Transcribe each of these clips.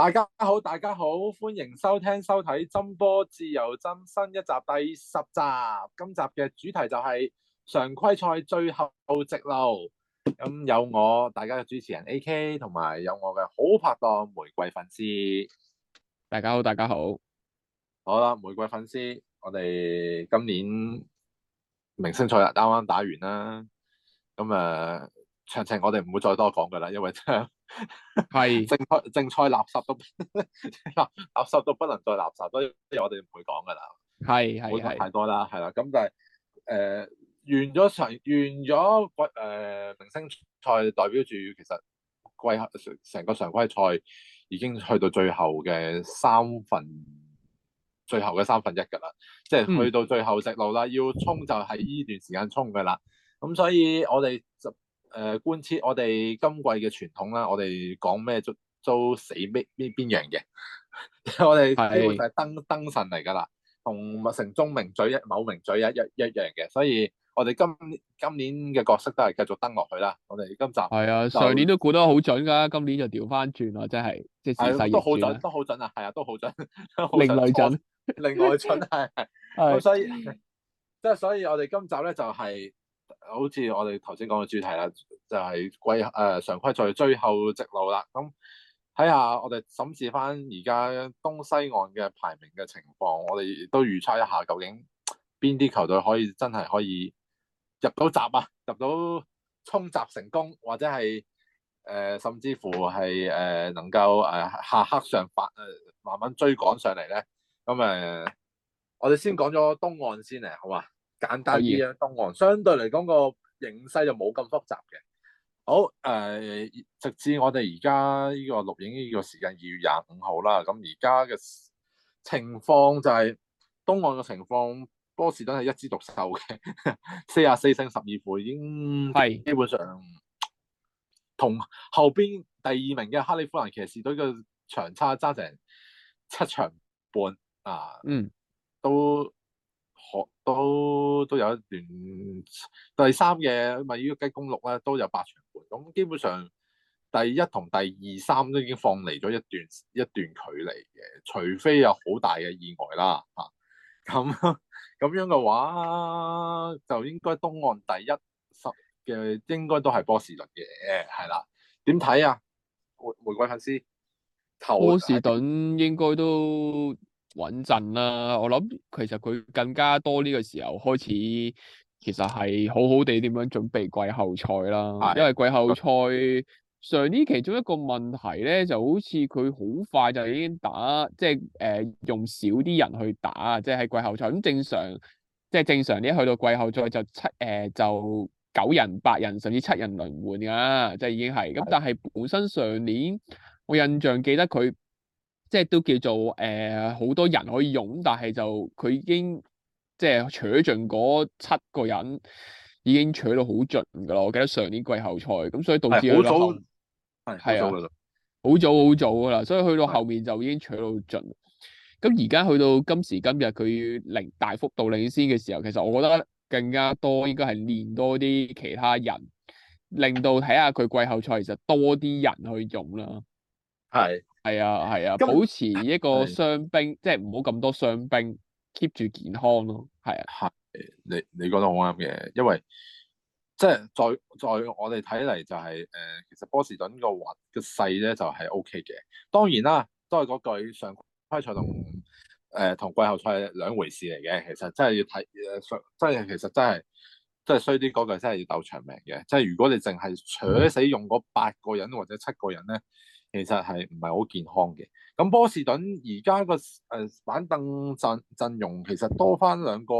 大家好，大家好，歡迎收聽收睇《Jumpball 自由斟》新一集第十集。今集嘅主題就係、是、常規賽最後直路。咁有我大家嘅主持人 AK，同埋有我嘅好拍檔玫瑰粉絲。大家好，大家好。好啦，玫瑰粉絲，我哋今年明星賽啦，啱啱打完啦。咁誒、呃，詳情我哋唔會再多講噶啦，因為 係 是正菜，剩菜垃圾都 垃圾都不能再垃圾，所以我哋唔會講噶啦。係係唔會講太多啦。係啦，咁但係誒、呃、完咗常完咗季誒明星賽，代表住其實季成個常規賽已經去到最後嘅三分，最後嘅三分一噶啦，即係去到最後直路啦，嗯、要衝就係呢段時間衝噶啦。咁所以我哋就。誒，貫徹、uh, 我哋今季嘅傳統啦，我哋講咩都都死咩邊邊樣嘅， 我哋就係燈燈神嚟噶啦，同物城中名嘴一某名嘴一一一樣嘅，所以我哋今今年嘅角色都係繼續登落去啦。我哋今集係啊，上年都估得好準噶，今年就調返轉啦，真係即係都好準，都好準啊，係啊，都好準，另類準，另類準，另外準係，所以即係 所，所以我哋今集咧就係、是。好似我哋頭先講嘅主題啦，就係季誒常規賽最後直路啦。咁睇下我哋審視翻而家東西岸嘅排名嘅情況，我哋都預測一下究竟邊啲球隊可以真係可以入到閘啊，入到衝閘成功，或者係誒、呃、甚至乎係誒、呃、能夠誒、呃、下黑上發誒、呃、慢慢追趕上嚟咧。咁誒、呃，我哋先講咗東岸先嚟，好嘛？簡單啲啊，的東岸相對嚟講個形勢就冇咁複雜嘅。好誒、呃，直至我哋而家呢個錄影呢個時間二月廿五號啦。咁而家嘅情況就係、是、東岸嘅情況，波士頓係一枝獨秀嘅，四十四勝十二負已經係基本上同的後邊第二名嘅哈利夫蘭騎士隊嘅長差揸成七場半啊，的嗯，都。學都都有一段，第三嘅咪呢個雞公鹿咧都有八場半，咁基本上第一同第二三都已經放離咗一段一段距離嘅，除非有好大嘅意外啦嚇，咁、啊、咁樣嘅話就應該東岸第一十嘅應該都係波士頓嘅係啦，點睇啊？回回歸粉絲，頭波士頓應該都。穩陣啦，我諗其實佢更加多呢個時候開始，其實係好好地點樣準備季後賽啦。的因為季後賽上年其中一個問題咧，就好似佢好快就已經打，即係誒用少啲人去打，即係喺季後賽咁正常，即係正常你一去到季後賽就七誒、呃、就九人、八人甚至七人輪換噶，即係已經係咁。但係本身上年我印象記得佢。即係都叫做誒，好多人可以用，但係就佢已經即係取盡嗰七個人，已經取到好盡噶啦。我記得上年季後賽咁，所以導致好早係係啊，好早好早噶啦，所以去到後面就已經取到盡。咁而家去到今時今日，佢領大幅度領先嘅時候，其實我覺得更加多應該係練多啲其他人，令到睇下佢季後賽其實多啲人去用啦。係。係啊，係啊，保持一個傷兵，即係唔好咁多傷兵，keep 住健康咯，係啊。係，你你講得好啱嘅，因為即係在在我哋睇嚟就係、是、誒、呃，其實波士頓個個勢咧就係 O K 嘅。當然啦，都係嗰句，常規賽同誒同季後賽兩回事嚟嘅。其實真係要睇誒上，真係其實真係真係衰啲嗰句，真係要鬥長命嘅。即係如果你淨係坐死用嗰八個人或者七個人咧。其實係唔係好健康嘅。咁波士頓而家個誒板凳陣陣容其實多翻兩個，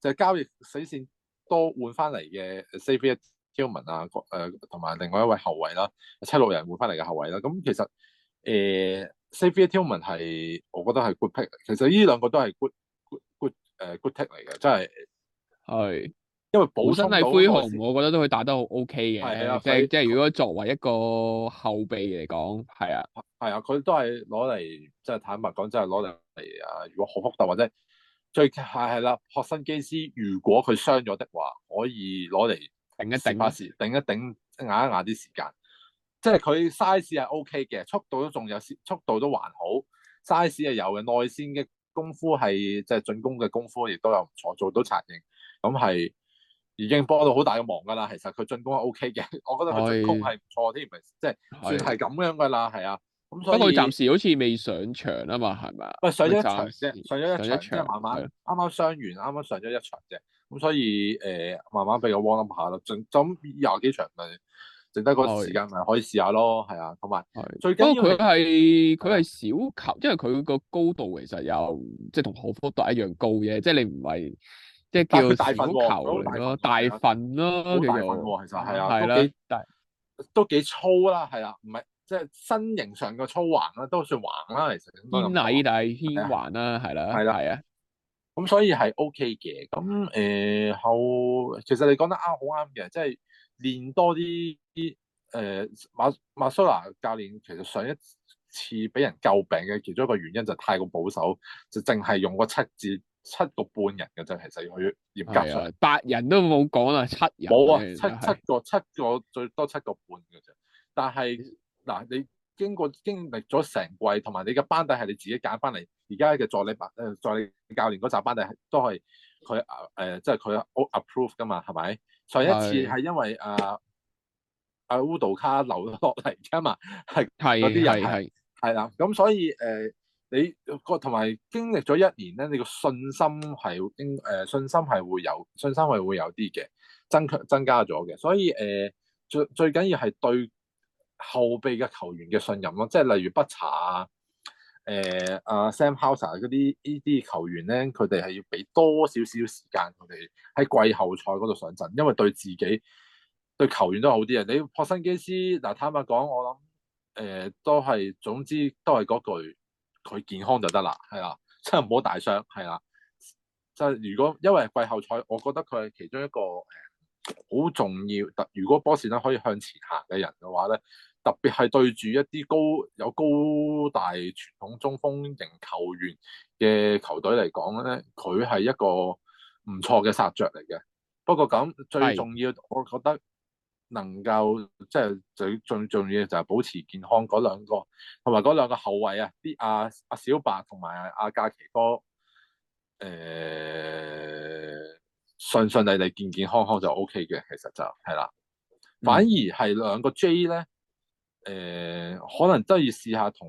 就係、是、交易死線多換翻嚟嘅。誒，Xavier Tillman 啊，誒同埋另外一位後衞啦，七六人換翻嚟嘅後衞啦。咁其實誒、呃，Xavier Tillman 係我覺得係 good pick。其實呢兩個都係 good good good 誒 good pick 嚟嘅，真係係。因為本身係灰熊，我覺得都可以打得好 O.K. 嘅，即係即係如果作為一個後備嚟講，係啊，係啊，佢都係攞嚟，即係坦白講，即係攞嚟啊！如果好複雜或者最係係啦，霍生基斯如果佢傷咗的話，可以攞嚟頂一頂，花時頂一頂，壓一壓啲時間。即係佢 size 係 O.K. 嘅，速度都仲有，速度都還好，size 係有嘅，內線嘅功夫係即係進攻嘅功夫亦都有唔錯，做到殘影咁係。已經幫到好大嘅忙噶啦，其實佢進攻係 O K 嘅，我覺得佢進攻係唔錯添，唔係即係算係咁樣噶啦，係啊。所以佢暫時好似未上場啊嘛，係咪？唔上咗一場啫，上咗一場即係慢慢，啱啱上完，啱啱上咗一場啫。咁所以誒，慢慢俾個 warm up 下咯，盡咁廿幾場咪，剩得嗰時間咪可以試下咯，係啊。同埋，最緊要佢係佢係小球，因為佢個高度其實又即係同何福達一樣高嘅。即係你唔係。即係叫大粉球咯，大粉咯，其實係啊，都幾大，都幾粗啦，係啦，唔係即係身形上個粗橫啦，都算橫啦，其實的。纖矮但係纖橫啦，係啦，係啦，係啊。咁所以係 OK 嘅，咁誒、呃、後，其實你講得啱，好啱嘅，即係練多啲。啲，誒，馬馬蘇拿教練其實上一次俾人詬病嘅其中一個原因就係太過保守，就淨係用個七字。七個半人嘅啫，其實要佢嚴格八人都冇講啦，七人冇啊，七來七個七個最多七個半嘅啫。但係嗱，你經過經歷咗成季，同埋你嘅班底係你自己揀翻嚟，而家嘅助理班誒助理教練嗰紮班底都係佢誒，即係佢、呃就是、approve 噶嘛，係咪？上一次係因為阿阿 Udo 卡留咗落嚟啊嘛，係啲人係係啦，咁所以誒。你個同埋經歷咗一年咧，你個信心係應誒，信心係會有信心係會有啲嘅增強增加咗嘅。所以誒、呃、最最緊要係對後備嘅球員嘅信任咯，即係例如北茶、呃、啊誒阿 Sam Hauser 嗰啲呢啲球員咧，佢哋係要俾多少少時間佢哋喺季後賽嗰度上陣，因為對自己對球員都好啲嘅。你樸辛基斯嗱坦白講，我諗誒、呃、都係總之都係嗰句。佢健康就得啦，係啦，真係唔好大傷，係啦。即係如果因為季後賽，我覺得佢係其中一個誒好重要。特如果波士頓可以向前行嘅人嘅話咧，特別係對住一啲高有高大傳統中鋒型球員嘅球隊嚟講咧，佢係一個唔錯嘅殺著嚟嘅。不過咁最重要，我覺得。能夠即係最最重要嘅就係保持健康嗰兩個，同埋嗰兩個後衛啊，啲阿阿小白同埋阿假期哥，誒順順利利健健康康就 O K 嘅。其實就係、是、啦。反而係兩個 J 咧，誒、呃、可能都要試下同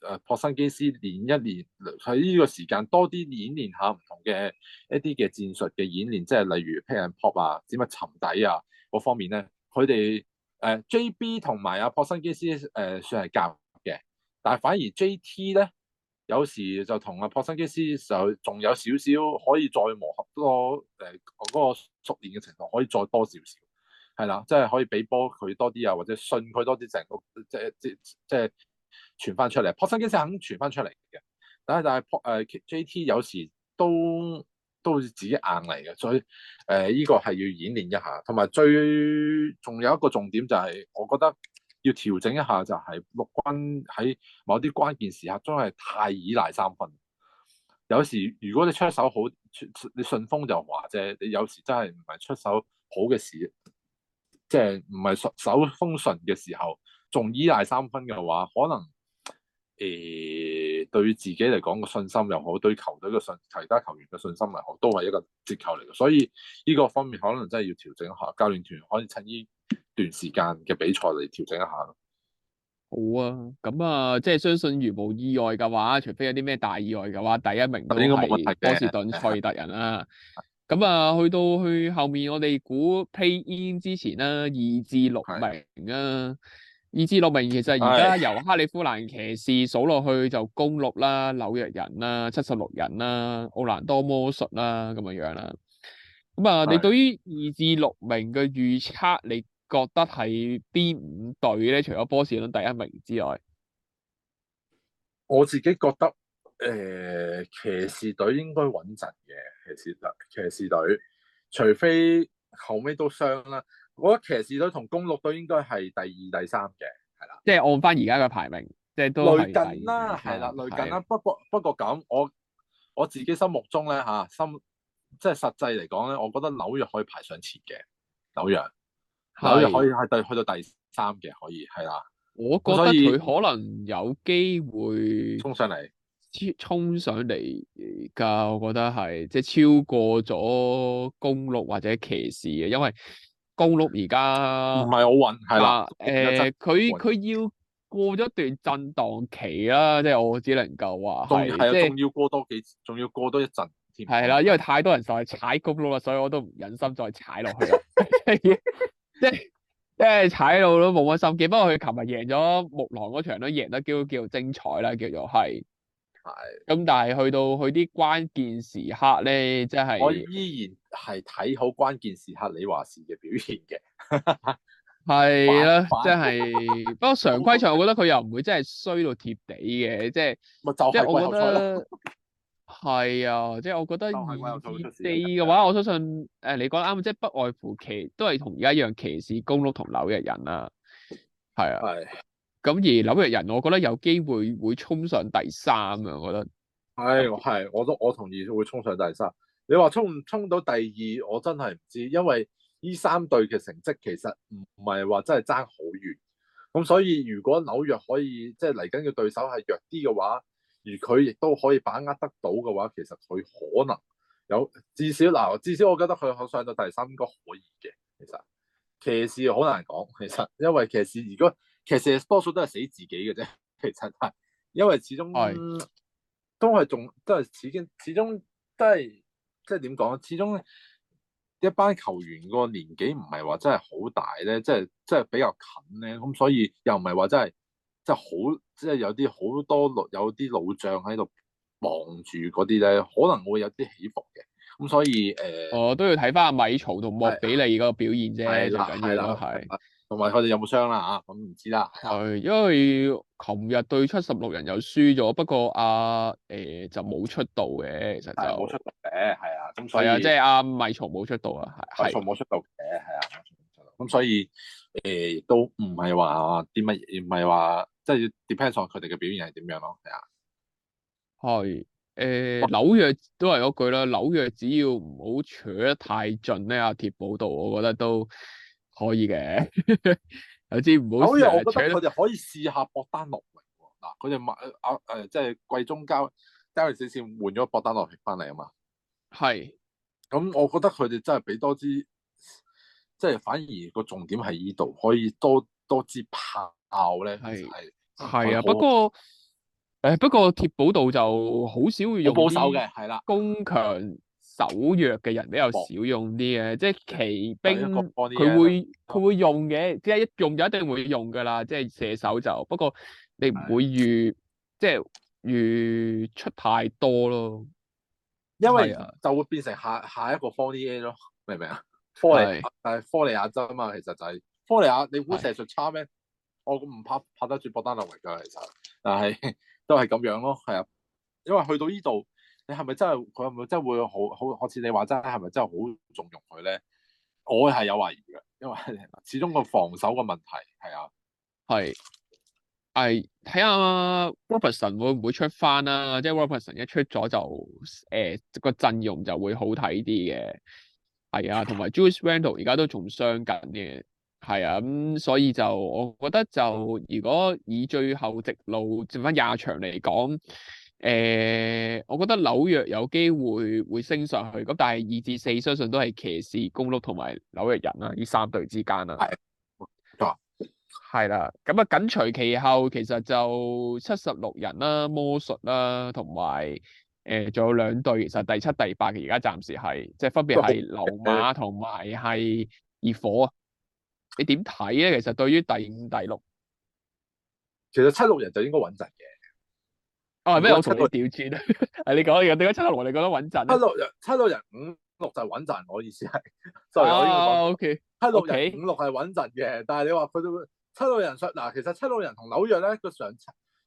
誒博辛基斯練一練，喺呢個時間多啲演練下唔同嘅一啲嘅戰術嘅演練，即係例如 pick and pop 啊，點乜沉底啊，嗰方面咧。佢哋誒 JB 同埋阿珀辛基斯誒、呃、算係夾嘅，但係反而 JT 咧，有時就同阿珀辛基斯就仲有少少可以再磨合多誒嗰、呃那個熟練嘅程度可以再多少少係啦，即係可以俾波佢多啲啊，或者信佢多啲，成個即係即係傳翻出嚟，珀辛基斯肯傳翻出嚟嘅，但係但係、呃、珀誒 JT 有時都。都好自己硬嚟嘅，所以誒呢、呃這個係要演練一下，同埋最仲有一個重點就係、是，我覺得要調整一下就係綠軍喺某啲關鍵時刻真係太依賴三分，有時如果你出手好，你順風就話啫，你有時真係唔係出手好嘅時，即係唔係手風順嘅時候，仲依賴三分嘅話，可能誒。呃對自己嚟講嘅信心又好，對球隊嘅信，其他球員嘅信心又好，都係一個折扣嚟嘅。所以呢、這個方面可能真係要調整下教練團，可以趁呢段時間嘅比賽嚟調整一下咯。下好啊，咁啊，即係相信如無意外嘅話，除非有啲咩大意外嘅話，第一名都係波士頓塞爾特人啦、啊。咁啊， 去到去後面我哋估 play-in 之前啦、啊，二至六名啊。二至六名其實而家由克里夫蘭騎士數落去就公鹿啦、紐約人啦、七十六人啦、奧蘭多魔術啦咁樣樣啦。咁啊，你對於二至六名嘅預測，你覺得係邊五隊咧？除咗波士頓第一名之外，我自己覺得誒，騎士隊應該穩陣嘅。騎士隊，騎士隊，除非後尾都傷啦。我覺得騎士隊同公鹿隊應該係第二、第三嘅，係啦。即係按翻而家嘅排名，即係都類近啦，係啦，類近啦的。不過不過咁，我我自己心目中咧嚇，心、啊、即係實際嚟講咧，我覺得紐約可以排上前嘅，紐約，的紐約可以係對去到第三嘅，可以係啦。我覺得佢可能有機會以衝上嚟，衝上嚟㗎。我覺得係即係超過咗公鹿或者騎士嘅，因為。高路而家唔係好運，係啦，誒，佢佢要過咗段震盪期啦，即係我只能夠話係即係仲要過多幾仲、就是、要過多一陣，係啦，因為太多人就係踩高路啦，所以我都唔忍心再踩落去，即係即係踩路都冇乜心機。不過佢琴日贏咗木狼嗰場都贏得叫叫精彩啦，叫做係。咁、嗯、但係去到佢啲關鍵時刻咧，即係我依然係睇好關鍵時刻李華士嘅表現嘅，係 啦，是，即係不，不過常規賽我覺得佢又唔會真係衰到貼地嘅，即係即係我覺得係啊，即係我覺得二二四嘅話，我相信誒你講得啱，即係不外乎騎都係同而家一樣騎士，騎士公屋同樓嘅人啦，係啊。 咁而紐約人，我覺得有機會會衝上第三啊！我覺得係，係我都我同意會衝上第三。你話衝唔衝到第二，我真係唔知，因為呢三隊嘅成績其實唔係話真係差好遠。咁所以如果紐約可以即係嚟緊嘅對手係弱啲嘅話，而佢亦都可以把握得到嘅話，其實佢可能有至少嗱，至少我覺得佢可上到第三應該可以嘅。其實騎士好難講，其實因為騎士如果。其實多數都係死自己嘅啫，其實係，因為始終係、嗯、都係仲都係始終始終都係即係點講，始終一班球員個年紀唔係話真係好大咧，即係即係比較近咧，咁、嗯、所以又唔係話真係即係好即係有啲好多有老有啲老將喺度望住嗰啲咧，可能會有啲起伏嘅，咁、嗯、所以誒，我、呃哦、都要睇翻米曹同莫比利嗰個表現啫，最緊要咯係。同埋佢哋有冇傷啦？啊，咁唔知啦。係，因為琴日對七十六人又輸咗，不過阿、啊、誒、欸、就冇出道嘅，其實就，冇出道嘅，係啊。所係啊，即係阿米喬冇出道，出道啊，係、啊啊、米喬冇出道嘅，係啊。咁、啊啊、所以誒、呃、都唔係話啲乜嘢，唔係話即係 depend on 佢哋嘅表現係點樣咯，係啊。係誒，紐、欸、約都係嗰句啦，紐約只要唔好扯得太盡咧，阿貼寶度，我覺得都。可以嘅，有啲唔好。所以我覺得佢哋可以試下博單落嚟。嗱，佢哋買啊誒，即係貴中交，David 先換咗博丹落嚟翻嚟啊嘛。係。咁我覺得佢哋真係俾多支，即係反而個重點係呢度，可以多多接炮咧。係係係啊，不過誒、嗯，不過鐵寶度就好少會用保守嘅，係啦、嗯，攻強。走弱嘅人比較少用啲嘅，即係騎兵佢會佢會用嘅，嗯、即係一用就一定會用噶啦。即係射手就不過你唔會預的即係預出太多咯，因為就會變成下下一個 forty a 咯，明唔明啊？的科尼係科尼亞爭啊嘛，其實就係、是、科尼亞，你估射術差咩？的我唔拍怕，怕得住博丹諾維嘅，其實但係都係咁樣咯，係啊，因為去到呢度。你係咪真係佢係咪真會好好好似你話齋？係咪真係好重用佢咧？我係有懷疑嘅，因為始終個防守嘅問題係啊，係係睇下 Robertson 會唔會出翻啦、啊？即、就、係、係、Robertson 一出咗就誒、欸個陣容就會好睇啲嘅。係啊，同埋 Julius Randle 而家都仲傷緊嘅，係啊，咁、嗯、所以就我覺得就如果以最後直路剩翻廿場嚟講。誒、呃，我覺得紐約有機會會升上去，咁但係二至四相信都係騎士、公鹿同埋紐約人啦、啊，呢、嗯、三隊之間啦、啊，係係啦，咁啊、嗯、緊隨其後，其實就七十六人啦、啊、魔術啦、啊，同埋誒仲有兩隊、呃，其實第七、第八嘅，而家暫時係即係分別係溜馬同埋係熱火啊， 你點睇咧？其實對於第五、第六，其實七六人就應該穩陣嘅。哦、我話咩？我做一個調轉啊！係你講，而家七十六,六， 你,你,六六你覺得穩陣？七六人，七六人五六就穩陣。我意思係，所以我呢個 OK，七六人五六係穩陣嘅，但係你話佢七六人數嗱，其實七六人同紐約咧個場場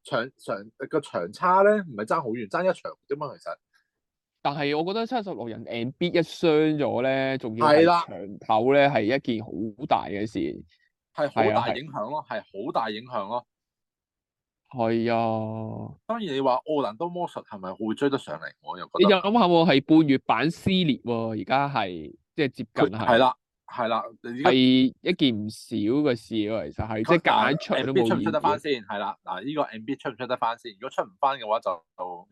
場個場,場,場,場,場,場差咧，唔係爭好遠，爭一場啫嘛。其實，但係我覺得七十六人 Embiid 一傷咗咧，仲要係長頭咧，係一件好大嘅事，係好大影響咯，係好大影響咯。係啊，當然你話奧蘭多魔術係咪會追得上嚟？我又覺得，你就諗下喎，係半月板撕裂喎、啊，而家係即係接近係，係啦，係啦、啊，係、啊、一件唔少嘅事咯、啊，其實係即係夾硬出都冇意，出唔出得翻先？係啦、啊、嗱、這、呢個 NBA 出唔出得翻先？如果出唔翻嘅話，就到，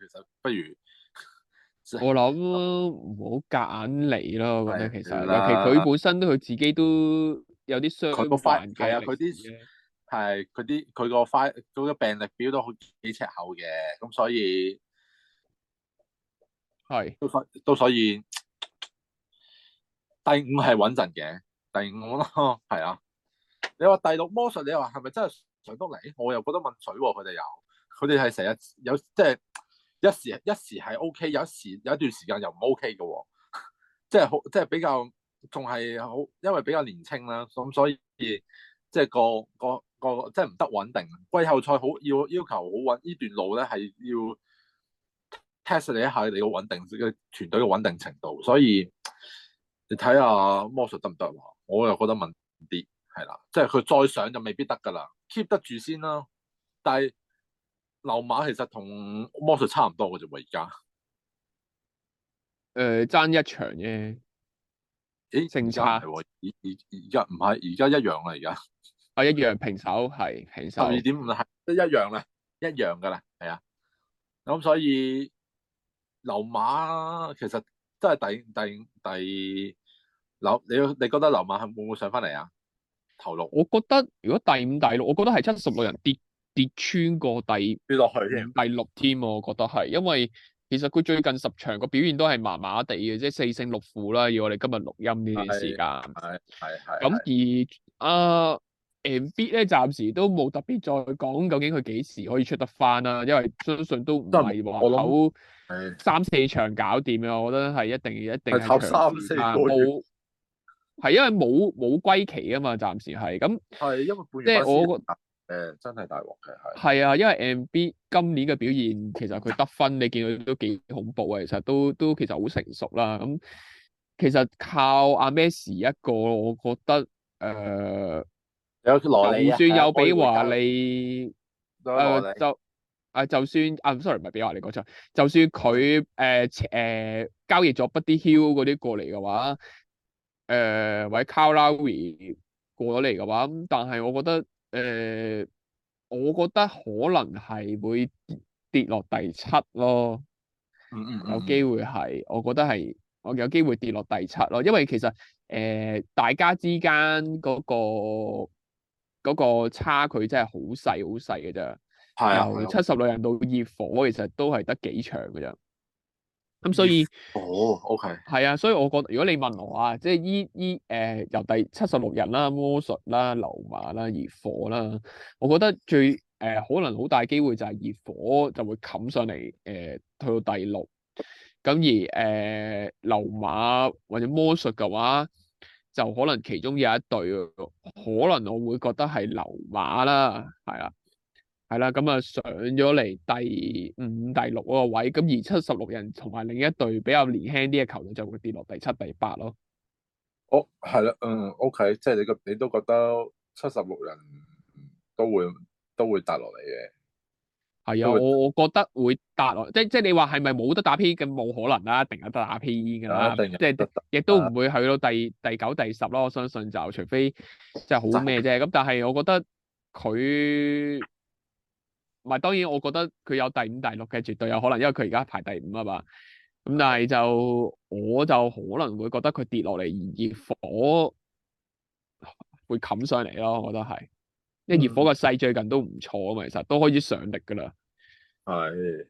其實不如我諗唔好夾硬嚟咯，啊、我覺得其實，啊、尤其佢本身都佢自己都有啲傷，佢個係啊，佢啲。係佢啲佢個 f i 個病歷表都好幾尺厚嘅，咁所以係是都所都所以，第五係穩陣嘅，第五咯係 啊。你話第六魔術，你話係咪真係上得嚟？我又覺得問水、哦，佢哋又，佢哋係成日有，即、就、係、是、一時一時係 O K，有一時有一段時間又唔 O K 嘅，即係好即係比較仲係好，因為比較年青啦，咁所以即係個個。個個即係唔得穩定，季後賽好要要求好穩，呢段路咧係要 test 你一下你穩，你個穩定嘅團隊嘅穩定程度。所以你睇下魔術得唔得？我又覺得穩啲，係啦，即係佢再上就未必得噶啦，keep 得住先啦。但係溜馬其實同魔術差唔多嘅啫嘛，而家誒，爭一場啫。誒、欸，正差下，而而而家唔係而家一樣啦，而家。一樣平手係平手十二點五啦，都一樣啦，一樣噶啦，係啊。咁所以流馬其實都係第第五、第六，你你覺得流馬係會唔會上翻嚟啊？頭六，我覺得如果第五、第六，我覺得係七十六人跌跌穿過第跌落去第六添喎。我覺得係，因為其實佢最近十場個表現都係麻麻地嘅，即係四勝六負啦。要我哋今日錄音呢段時間，係係係。咁而啊。M. B. 咧暫時都冇特別再講，究竟佢幾時可以出得翻啦、啊？因為相信都唔係話口三四場搞掂啊！我覺得係一定一定係三四個月，係因為冇冇歸期啊嘛！暫時係咁係，因為即係我覺得誒真係大鑊嘅係係啊！因為 M. B. 今年嘅表現其實佢得分你見到都幾恐怖啊！其實都都其實好成熟啦。咁其實靠阿 Maxey 一個，我覺得誒。呃唔算有畀華利，誒、 呃、就啊、呃、就算啊，sorry，唔係畀華利講錯。就算佢誒誒交易咗 Buddy Hield 嗰啲過嚟嘅話，誒、呃、或者 Kyle Lowry 過咗嚟嘅話，咁但係我覺得誒、呃，我覺得可能係會跌落第七咯。嗯嗯，有機會係， 我覺得係，我有機會跌落第七咯。因為其實誒、呃，大家之間嗰、嗰個嗰個差距真係好細好細嘅啫，由七十六人到熱火其實都係得幾場嘅啫。咁所以，哦，OK，係啊，所以我覺得如果你問我啊，即係依依誒由第七十六人啦、魔術啦、流馬啦、熱火啦，我覺得最誒、呃、可能好大機會就係熱火就會冚上嚟誒，去、呃、到第六。咁而誒、呃、流馬或者魔術嘅話，就可能其中有一隊，可能我會覺得係流馬啦，係啊，係啦，咁啊上咗嚟第五、第六嗰個位，咁而七十六人同埋另一隊比較年輕啲嘅球隊就會跌落第七、第八咯。哦，係啦，嗯，okay，即係你個你都覺得七十六人都會都會跌落嚟嘅。係啊，我會我覺得會達落，即即係你話係咪冇得打 P？咁冇可能啦，一定有得打 P 嘅啦，即係亦都唔會去到第第九、第十咯。我相信就除非即係好咩啫。咁但係我覺得佢，唔係當然，我覺得佢有第五、第六嘅絕對有可能，因為佢而家排第五啊嘛。咁但係就我就可能會覺得佢跌落嚟，而熱火會冚上嚟咯。我覺得係，因為熱火嘅勢最近都唔錯啊嘛，其實都開始上力噶啦。係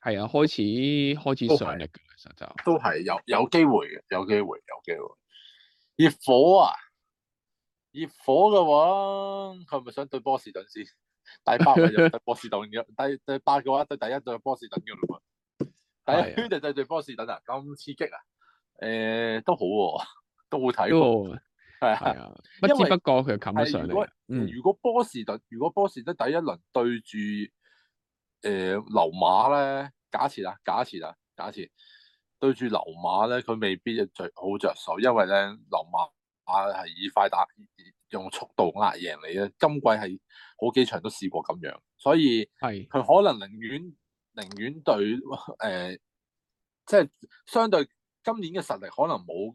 係啊，開始開始上力嘅，其實就都係有有機會嘅，有機會,會，有機會。熱火啊，熱火嘅話，佢係咪想對波士頓先？ 第八又對波士頓，嘅。第第八嘅話對 第一對波士頓嘅咯。第一圈就對對波士頓啊，咁刺激啊！誒、欸，都好、啊，都好睇喎。係啊，不知不覺佢又冚咗上嚟。Oss, 嗯，如果波士頓，如果波士頓第一輪對住誒流馬咧，假設啊，假設啊，假設對住流馬咧，佢未必最好着手，因為咧流馬係以快打用速度壓贏你咧。今季係好幾場都試過咁樣，所以係佢可能寧願寧願對誒、呃，即係相對。今年嘅實力可能冇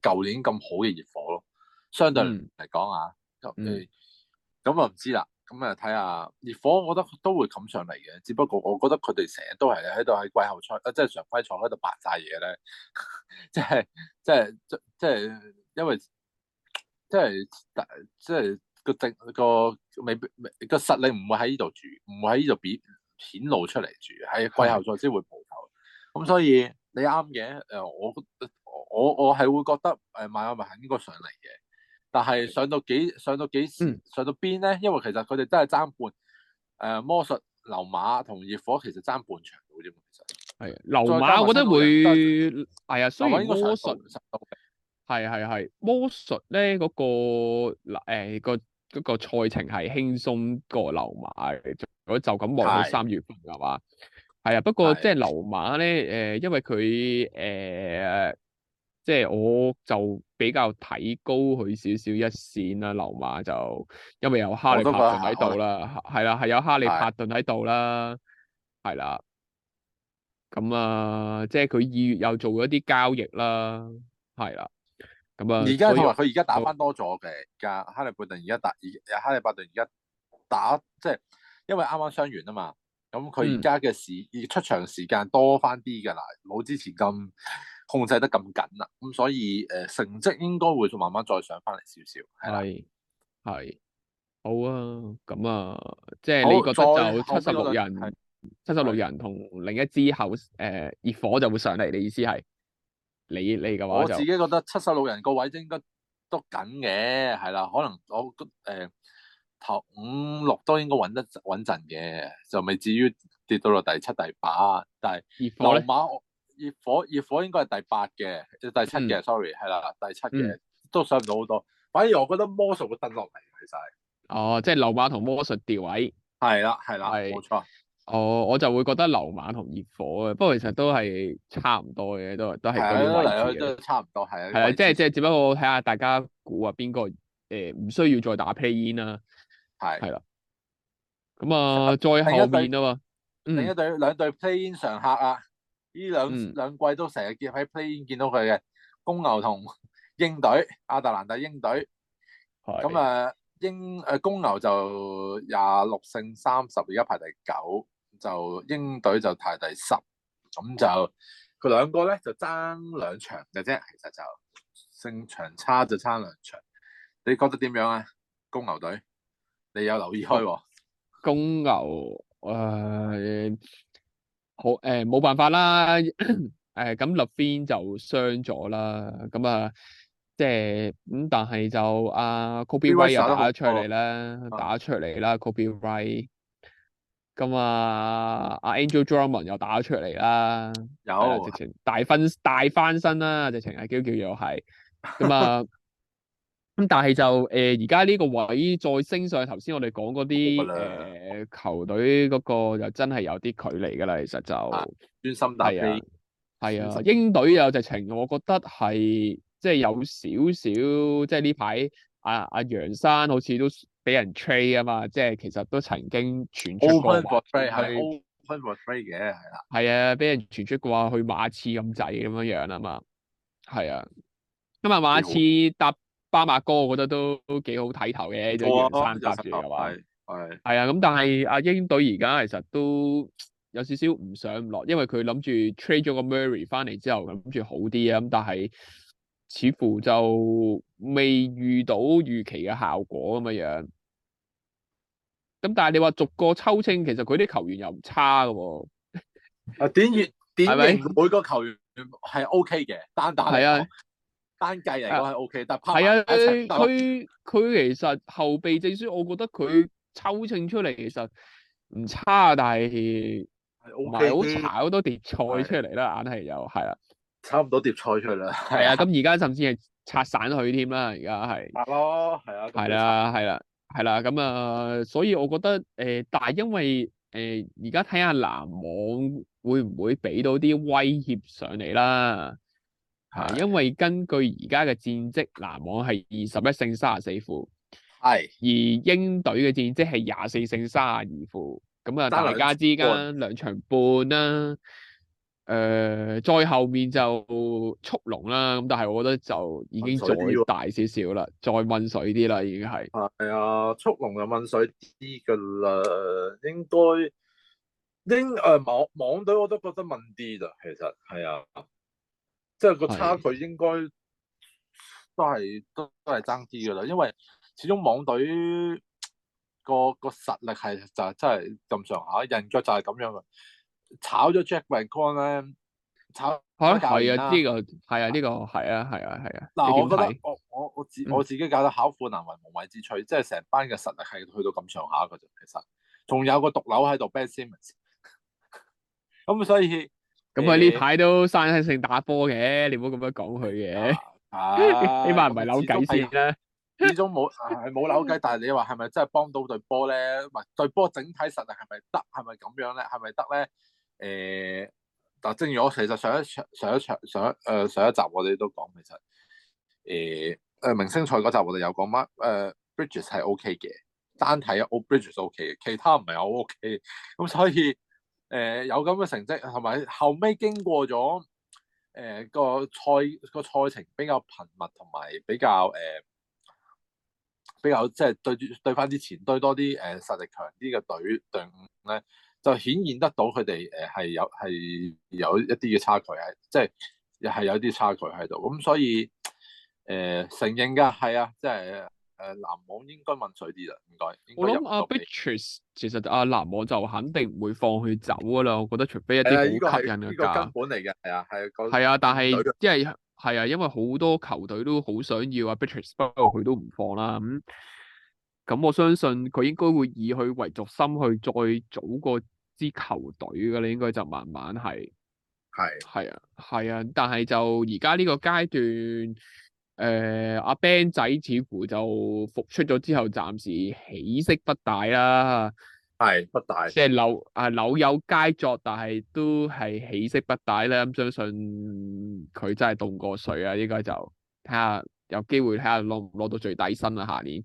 誒舊年咁好嘅熱火咯，相對嚟講、嗯、啊，咁咁我唔知啦，咁啊睇下熱火，我覺得都會冚上嚟嘅，只不過我覺得佢哋成日都係喺度喺季後賽，即係常規賽喺度白晒嘢咧，即係即係即係因為即係即係個政個未必個實力唔會喺呢度住，唔會喺呢度顯露出嚟住，喺季後賽先會蒲頭，咁的所以。你啱嘅，誒、呃、我我我係會覺得誒馬亞咪應該上嚟嘅，但係上到幾上到幾時、嗯、上到邊咧？因為其實佢哋都係爭半誒、呃、魔術、流馬同熱火其實爭半場啫嘛。係，流馬我覺得會係啊，雖然魔術係係係魔術咧嗰、嗰個嗱誒、呃嗰個嗰、嗰個賽程係輕鬆過流馬，如果就咁望到三月份嘅話。係啊，不過即係流馬咧，誒、呃，因為佢誒，即、呃、係、就是、我就比較睇高佢少少一線啦、啊。流馬就因為有哈利伯頓喺度啦，係啦，係、啊、有哈利伯頓喺度啦，係啦。咁啊，即係佢二月又做咗一啲交易啦，係啦。咁啊，而家同埋佢而家打翻多咗嘅，而我哈利伯頓而家打，而哈利伯頓而家打，即係因為啱啱傷完啊嘛。咁佢而家嘅時，而、嗯、出場時間多翻啲噶啦，冇之前咁控制得咁緊啦，咁、嗯、所以誒、呃、成績應該會再慢慢再上翻嚟少少，係啦，係，好啊，咁啊，即係你覺得就七十六人，七十六人同另一支後誒熱、呃、火就會上嚟，是你意思係？你你嘅話，我自己覺得七十六人個位子應該都緊嘅，係啦，可能我誒。呃頭五六都應該穩得穩陣嘅，就未至於跌到落第七、第八。但係流馬熱火熱火應該係第八嘅，即係第七嘅。Sorry，係啦，第七嘅都上唔到好多。反而我覺得魔術會跌落嚟，其實係哦，即係流馬同魔術調位，係啦係啦，冇錯。哦，我就會覺得流馬同熱火嘅，不過其實都係差唔多嘅，都都係。係咯，嚟咯，都差唔多，係啊，係啊，即係即係，只不過睇下大家估啊，邊個誒唔需要再打披 l 啦。係，啦，咁、嗯、啊，再後面啊嘛，另一隊兩隊、嗯、Play-In 常客啊，呢兩、嗯、兩季都成日見喺 Play-In 見到佢嘅公牛同鷹隊，亞特蘭大鷹隊，咁的啊鷹誒、呃、公牛就廿六勝三十，而家排第九，就鷹隊就排第十，咁就佢兩個咧就爭兩場嘅啫，其實就勝場差就差兩場，你覺得點樣啊？公牛隊？你有留意開喎，哦，公牛誒，好，誒，冇辦法啦，誒，咁立 e 就傷咗啦，咁、嗯、啊即係咁、嗯，但係就阿、啊、Kobe 威又打得出嚟啦，打出嚟啦 Kobe Ray，咁啊阿 Angel Jordan 又打得出嚟啦，有直情大翻大翻身啦，直情啊叫 o 又係咁啊！ 咁但係就誒而家呢個位再升上去，頭先我哋講嗰啲誒球隊嗰個就真係有啲距離噶啦，其實就專、啊、心打飛，係啊，啊英隊有直情，我覺得係即係有少少，嗯、即係呢排阿阿楊生好似都俾人 trade 啊嘛，即係其實都曾經傳出過係嘅，係啦，係啊，俾人傳出過話去馬刺咁滯咁樣樣啦嘛，係啊，咁啊今馬刺搭。巴馬哥我覺得都幾好睇頭嘅，就廿三搭住係嘛，係係啊咁，但係阿英隊而家其實都有少少唔上唔落，因為佢諗住 trade 咗個 Murray 翻嚟之後諗住好啲啊，咁但係似乎就未遇到預期嘅效果咁樣樣。咁但係你話逐個抽清，其實佢啲球員又唔差噶。啊，點點點，每個球員係 OK 嘅，單打嚟講。吧單計嚟講係 OK，得。係佢佢佢其實後備證書，我覺得佢抽稱出嚟其實唔差、啊、差，但係唔係好炒好多碟菜出嚟啦，硬係又係啦，炒唔到碟菜出嚟，係 啊，咁而家甚至係拆散佢添啦，而家係拆咯，係啊，係啦、啊，係啦，係啦、啊，咁啊，啊，所以我覺得誒、呃，但係因為誒而家睇下籃網會唔會俾到啲威脅上嚟啦。因為根據而家嘅戰績，籃網係二十一勝三十四負，係是而鷹隊嘅戰績係廿四勝三十二負，咁啊大家之間兩,兩場半啦、啊，誒、呃、再後面就速龍啦、啊，咁但係我覺得就已經再要大少少啦，再濛水啲啦，已經係。係啊，速龍就濛水啲噶啦，應該應誒、呃、網網隊我都覺得濛啲咋，其實係啊。即係個差距應該都係都都係爭啲噶啦因為始終網隊個個實力係就係真係咁上下，人腳就係咁樣嘅。炒咗 Jacque Vaughn 咧，炒係啊呢個係啊呢個係啊係啊係啊。嗱、啊，這個、我覺得我我我自我自己覺得巧婦難為無米之炊，即係成班嘅實力係去到咁上下噶啫。其實仲有個毒瘤喺度，Ben Simmons。咁 所以。咁佢呢排都生性打波嘅，你唔好咁樣講佢嘅。啊，起碼唔係扭計先啦。始終冇，冇扭計。但係你話係咪真係幫到對波咧？唔係 對波整體實力係咪得？係咪咁樣咧？係咪得咧？誒，嗱，正如我其實上一上一場上一誒上，上，上，上一集我哋都講，其實誒誒、呃、明星賽嗰集我哋有講乜？誒、呃、Bridges 係 O、OK、K 嘅，單睇啊 O Bridges 就、okay、O K 嘅，其他唔係好 O K。咁、OK、所以。誒、呃，有咁嘅成績，同埋後尾經過咗誒、呃、個賽個賽程比較頻密，同埋比較誒、呃、比較即係對對翻啲前對多啲誒、呃、實力強啲嘅隊隊伍咧，就顯現得到佢哋誒係有係有，有一啲嘅差距、即係差距嗯呃、啊，即係又係有啲差距喺度，咁所以誒承認噶係啊，即係。誒，藍、呃、網應該穩取啲啦，唔該。該我諗阿 Bridges、er、其實阿藍網就肯定唔會放佢走噶啦。我覺得除非一啲好吸引噶。係啊，係個。係啊，但係因為係啊，因為好多球隊都好想要阿 Bridges、er、不過佢都唔放啦。咁、嗯、咁，我相信佢應該會以佢為軸心去再組個支球隊噶。你應該就慢慢係係係啊，係啊的，但係就而家呢個階段。誒、阿、uh, Ben 仔似乎就復出咗之後，暫時起色不大啦。係不大，即係有啊，有有佳作，但係都係起色不大咧。咁、嗯、相信佢真係凍過水啊，應該就睇下有機會睇下攞唔攞到最低薪啊。下年、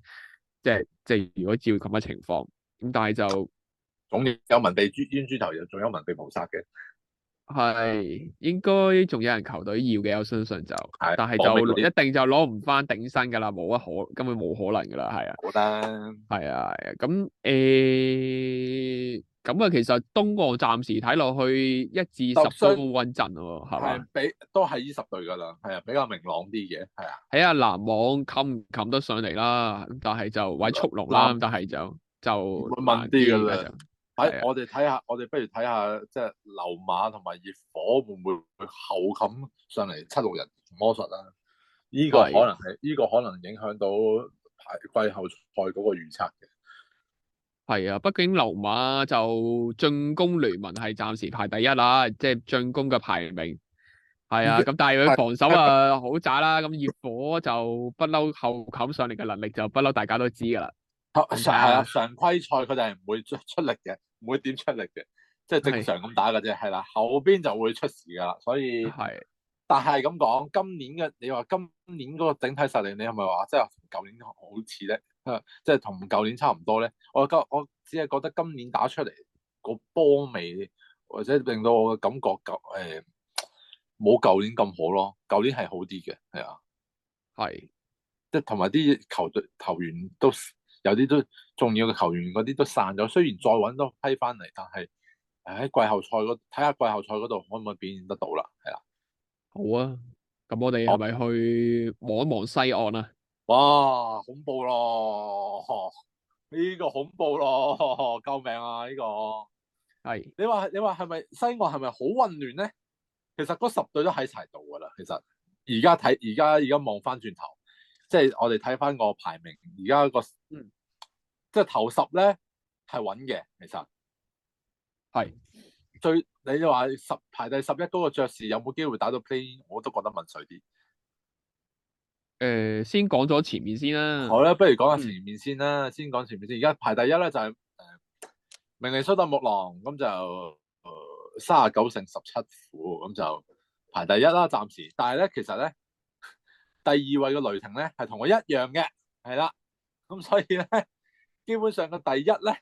就是、是即係即係如果照咁嘅情況，咁但係就總有盟鼻豬冤豬頭，又仲有盟鼻菩薩嘅。係，應該仲有人球隊要嘅，我相信就，的，但係就一定就攞唔翻頂薪噶啦，冇乜可，根本冇可能噶啦，係啊，係啊的，係啊，咁誒，咁、欸、啊，其實東岸暫時睇落去一至讀信 十都好穩陣咯，係嘛，比都係呢十隊噶啦，係啊，比較明朗啲嘅，係啊，睇下籃網冚唔冚得上嚟啦，但係就位速龍啦，的但係就就慢啲噶啦。哎啊、我哋睇下，我哋不如睇下，即係溜馬同埋熱火會唔會去後冚上嚟七六人魔術啦？依、這個可能係依、啊、個可能影響到排季後賽嗰個預測嘅。係啊，畢竟溜馬就進攻聯盟係暫時排第一啦，即、就、係、是、進攻嘅排名係啊。咁但係佢防守啊，好渣 啦。咁熱火就不嬲後冚上嚟嘅能力就不嬲，大家都知㗎啦 、啊。常常規賽佢哋係唔會出力嘅。唔會點出力嘅，即係正常咁打嘅啫，係啦的，後邊就會出事噶啦，所以係。的但係咁講，今年嘅你話今年嗰個整體實力，你係咪話即係同舊年好似咧？啊，即係同舊年差唔多咧？我今我只係覺得今年打出嚟個波味，或者令到我嘅感覺舊誒冇舊年咁好咯。舊年係好啲嘅，係啊，係的即係同埋啲球隊球員都。有啲都重要嘅球員，嗰啲都散咗。雖然再揾多批翻嚟，但係喺、哎、季後賽嗰度睇下季後賽嗰度可唔可以表現得到啦？係啊，好啊。咁我哋係咪去望一望西岸啊？哇、哦！恐怖咯，呢、這個恐怖咯，救命啊！呢、這個係是你話你話係咪西岸係咪好混亂咧？其實嗰十隊都喺一齊度噶啦。其實而家睇而家而家望翻轉頭。即係我哋睇翻個排名，而家、那個、嗯、即係頭十咧係穩嘅，其實係是最你話十排第十一嗰個爵士有冇機會打到 play 我都覺得穩水啲。誒、呃，先講咗前面先啦。好啦，不如講下前面先啦，嗯、先講前面先。而家排第一咧就係、是、誒、呃、明尼蘇達木狼，咁就三十九勝十七負，咁、呃、就排第一啦，暫時。但係咧，其實咧。第二位嘅雷霆咧，係同我一樣嘅，係啦。咁所以咧，基本上個第一咧，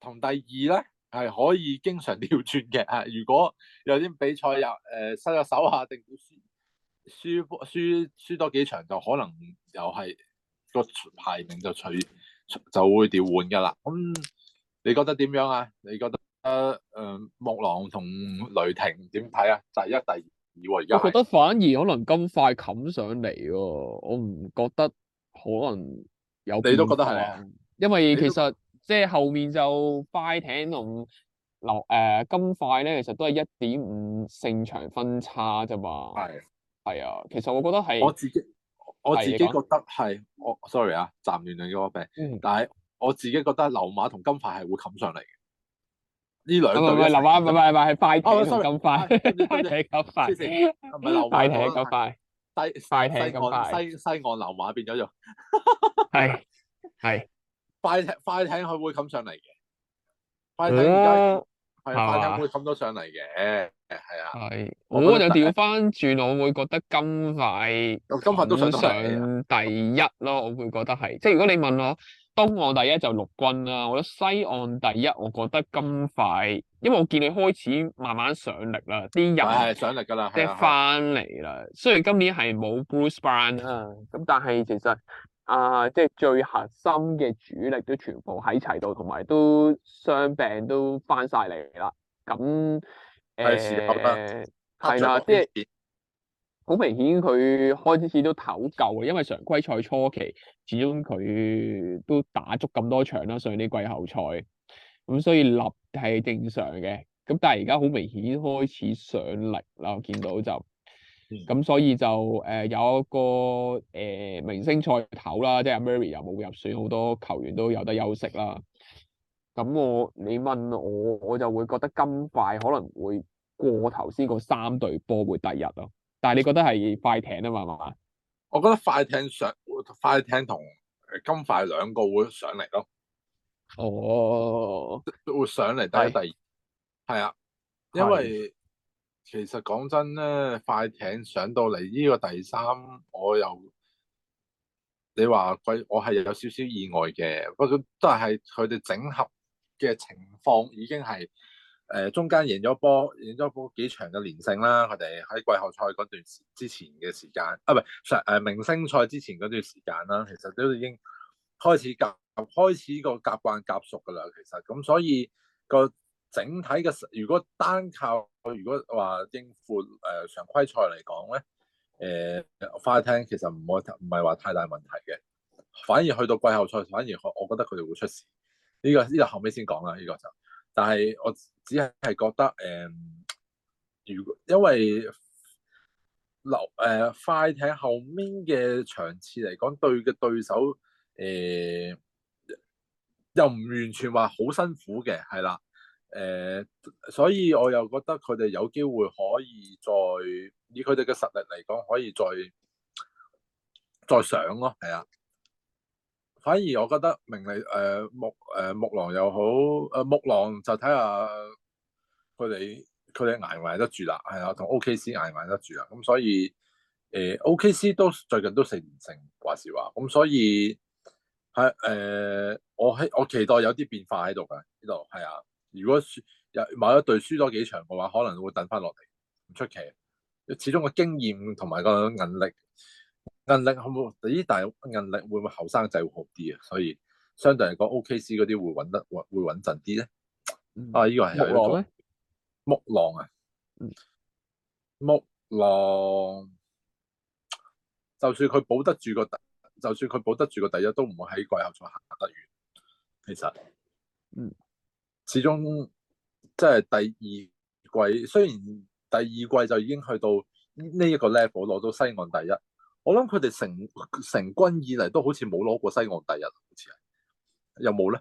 同第二咧，係可以經常調轉嘅。啊，如果有啲比賽又誒失咗手下定輸輸輸輸多幾場，就可能又係個排名就取就會調換㗎啦。咁你覺得點樣啊？你覺得誒木狼同雷霆點睇啊？第一、第二。我覺得反而可能金塊冚上嚟喎，我唔覺得可能有。你都覺得係因為，其實也即係後面就快艇同牛誒金塊咧，其實都係一點五勝場分差啫嘛。係係啊，其實我覺得係我自己我自己覺得係，的我，的我 sorry 啊，暫亂咗個病。但係我自己覺得溜馬同金塊係會冚上嚟。呢兩唔係唔係流馬，唔係唔係唔係快艇咁快，快艇咁快，唔係流馬，快艇咁快，低快艇咁快，西西岸流馬變咗就係係快艇，快艇佢會冚上嚟嘅，快艇而家係快艇會冚到上嚟嘅，係啊，係，我就調翻轉，我會覺得金塊，金塊都想上第一咯，我會覺得係，即係如果你問我。東岸第一就綠軍啦，我覺得西岸第一，我覺得金塊，因為我見你開始慢慢上力啦，啲人係上力噶啦，即係翻嚟啦。雖然今年係冇 Bruce Brown 啊，咁、嗯、但係其實啊，即、就、係、是、最核心嘅主力都全部喺齊度，同埋都傷病都翻晒嚟啦。咁誒、係、呃、啦、啲、啊。好明顯佢開始都唞夠，因為常規賽初期始終佢都打足咁多場啦，上啲季後賽咁，所以立係正常嘅。咁但係而家好明顯開始上力啦，我見到就咁，所以就誒、呃、有一個誒、呃、明星賽唞啦，即係阿 Mary 又冇入選，好多球員都有得休息啦。咁我你問我，我就會覺得金塊可能會過頭先嗰三對波會第一咯。但係你覺得係快艇啊嘛，係嘛？我覺得快艇上，快艇同金塊兩個會上嚟咯。哦，會上嚟但係第二，係啊的，的因為其實講真咧，快艇上到嚟呢個第三，我又你話貴，我係有少少意外嘅。不過都係佢哋整合嘅情況已經係。誒，中間贏咗波，贏咗波幾場嘅連勝啦，佢哋喺季後賽嗰段時、啊、之前嘅時間，啊，唔係常誒，明星賽之前嗰段時間啦，其實都已經開始夾開始個夾慣夾熟噶啦，其實咁所以，個整體嘅如果單靠如果話應付誒常規賽嚟講咧，誒，快艇其實唔我唔係話太大問題嘅，反而去到季後賽，反而我我覺得佢哋會出事，呢個呢個後尾先講啦，呢個就。但係我只係覺得誒、呃，如果因為流誒、呃、快艇後面嘅場次嚟講，對嘅對手誒、呃、又唔完全話好辛苦嘅，係啦誒，所以我又覺得佢哋有機會可以再以佢哋嘅實力嚟講，可以再再上咯，係啊。反而我覺得明尼誒、呃、木誒、呃、木狼又好誒、呃、木狼就睇下佢哋佢哋捱唔捱得住啦，係啊，同 O.K.C.、OK、捱唔捱得住啦。咁所以誒、呃、O.K.C.、OK、都最近都四唔成話時話咁，所以係誒、呃、我希我期待有啲變化喺度嘅呢度係啊。如果有某一隊輸多幾場嘅話，可能會等翻落嚟唔出奇。始終個經驗同埋個韌力。韌力好唔好？大屋，韌力會唔會後生仔會好啲啊？所以相對嚟講，O.K.C. 嗰啲會穩得穩會穩陣啲咧。嗯、啊，依個係木狼咧？木狼啊，嗯、木狼就算佢保得住個，就算佢保得住個第一，都唔會喺季後再行得遠。其實，嗯，始終即係第二季，雖然第二季就已經去到呢一個 level，攞到西岸第一。我諗佢哋成成軍以嚟都好似冇攞過西岸第一，好似係，又有冇咧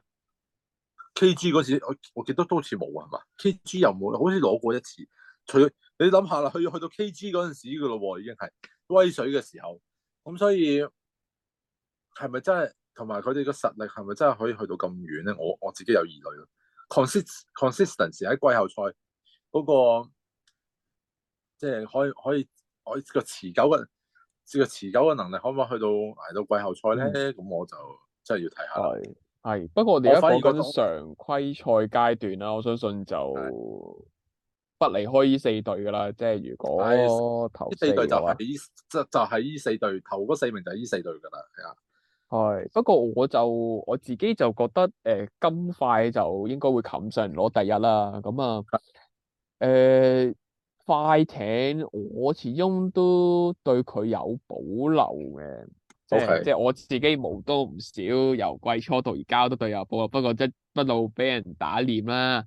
？KG 嗰時我我記得都好似冇係嘛，KG 又冇，好似攞過一次。除你諗下啦，去去到 KG 嗰陣時噶咯，已經係威水嘅時候，咁所以係咪真係同埋佢哋嘅實力係咪真係可以去到咁遠咧？我我自己有疑慮咯。consist consistence 喺季後賽嗰、嗰個，即係可以可以可以，個持久嘅。試個持久嘅能力可唔可以去到挨到季後賽咧？咁、嗯、我就真係要睇下。係，係。不過我哋而家講緊常規賽階段啦，我，我相信就不離開呢四隊噶啦。的即係如果頭呢四,四隊就係呢，就就係呢四隊頭嗰四名就係呢四隊噶啦。係，不過我就我自己就覺得，誒、呃，金塊就應該會冚上攞第一啦。咁啊，的誒。快艇，我始終都對佢有保留嘅，即係、Okay. 即係我自己冇多唔少，由季初到而家都對佢有保留，不過即係一路俾人打臉啦、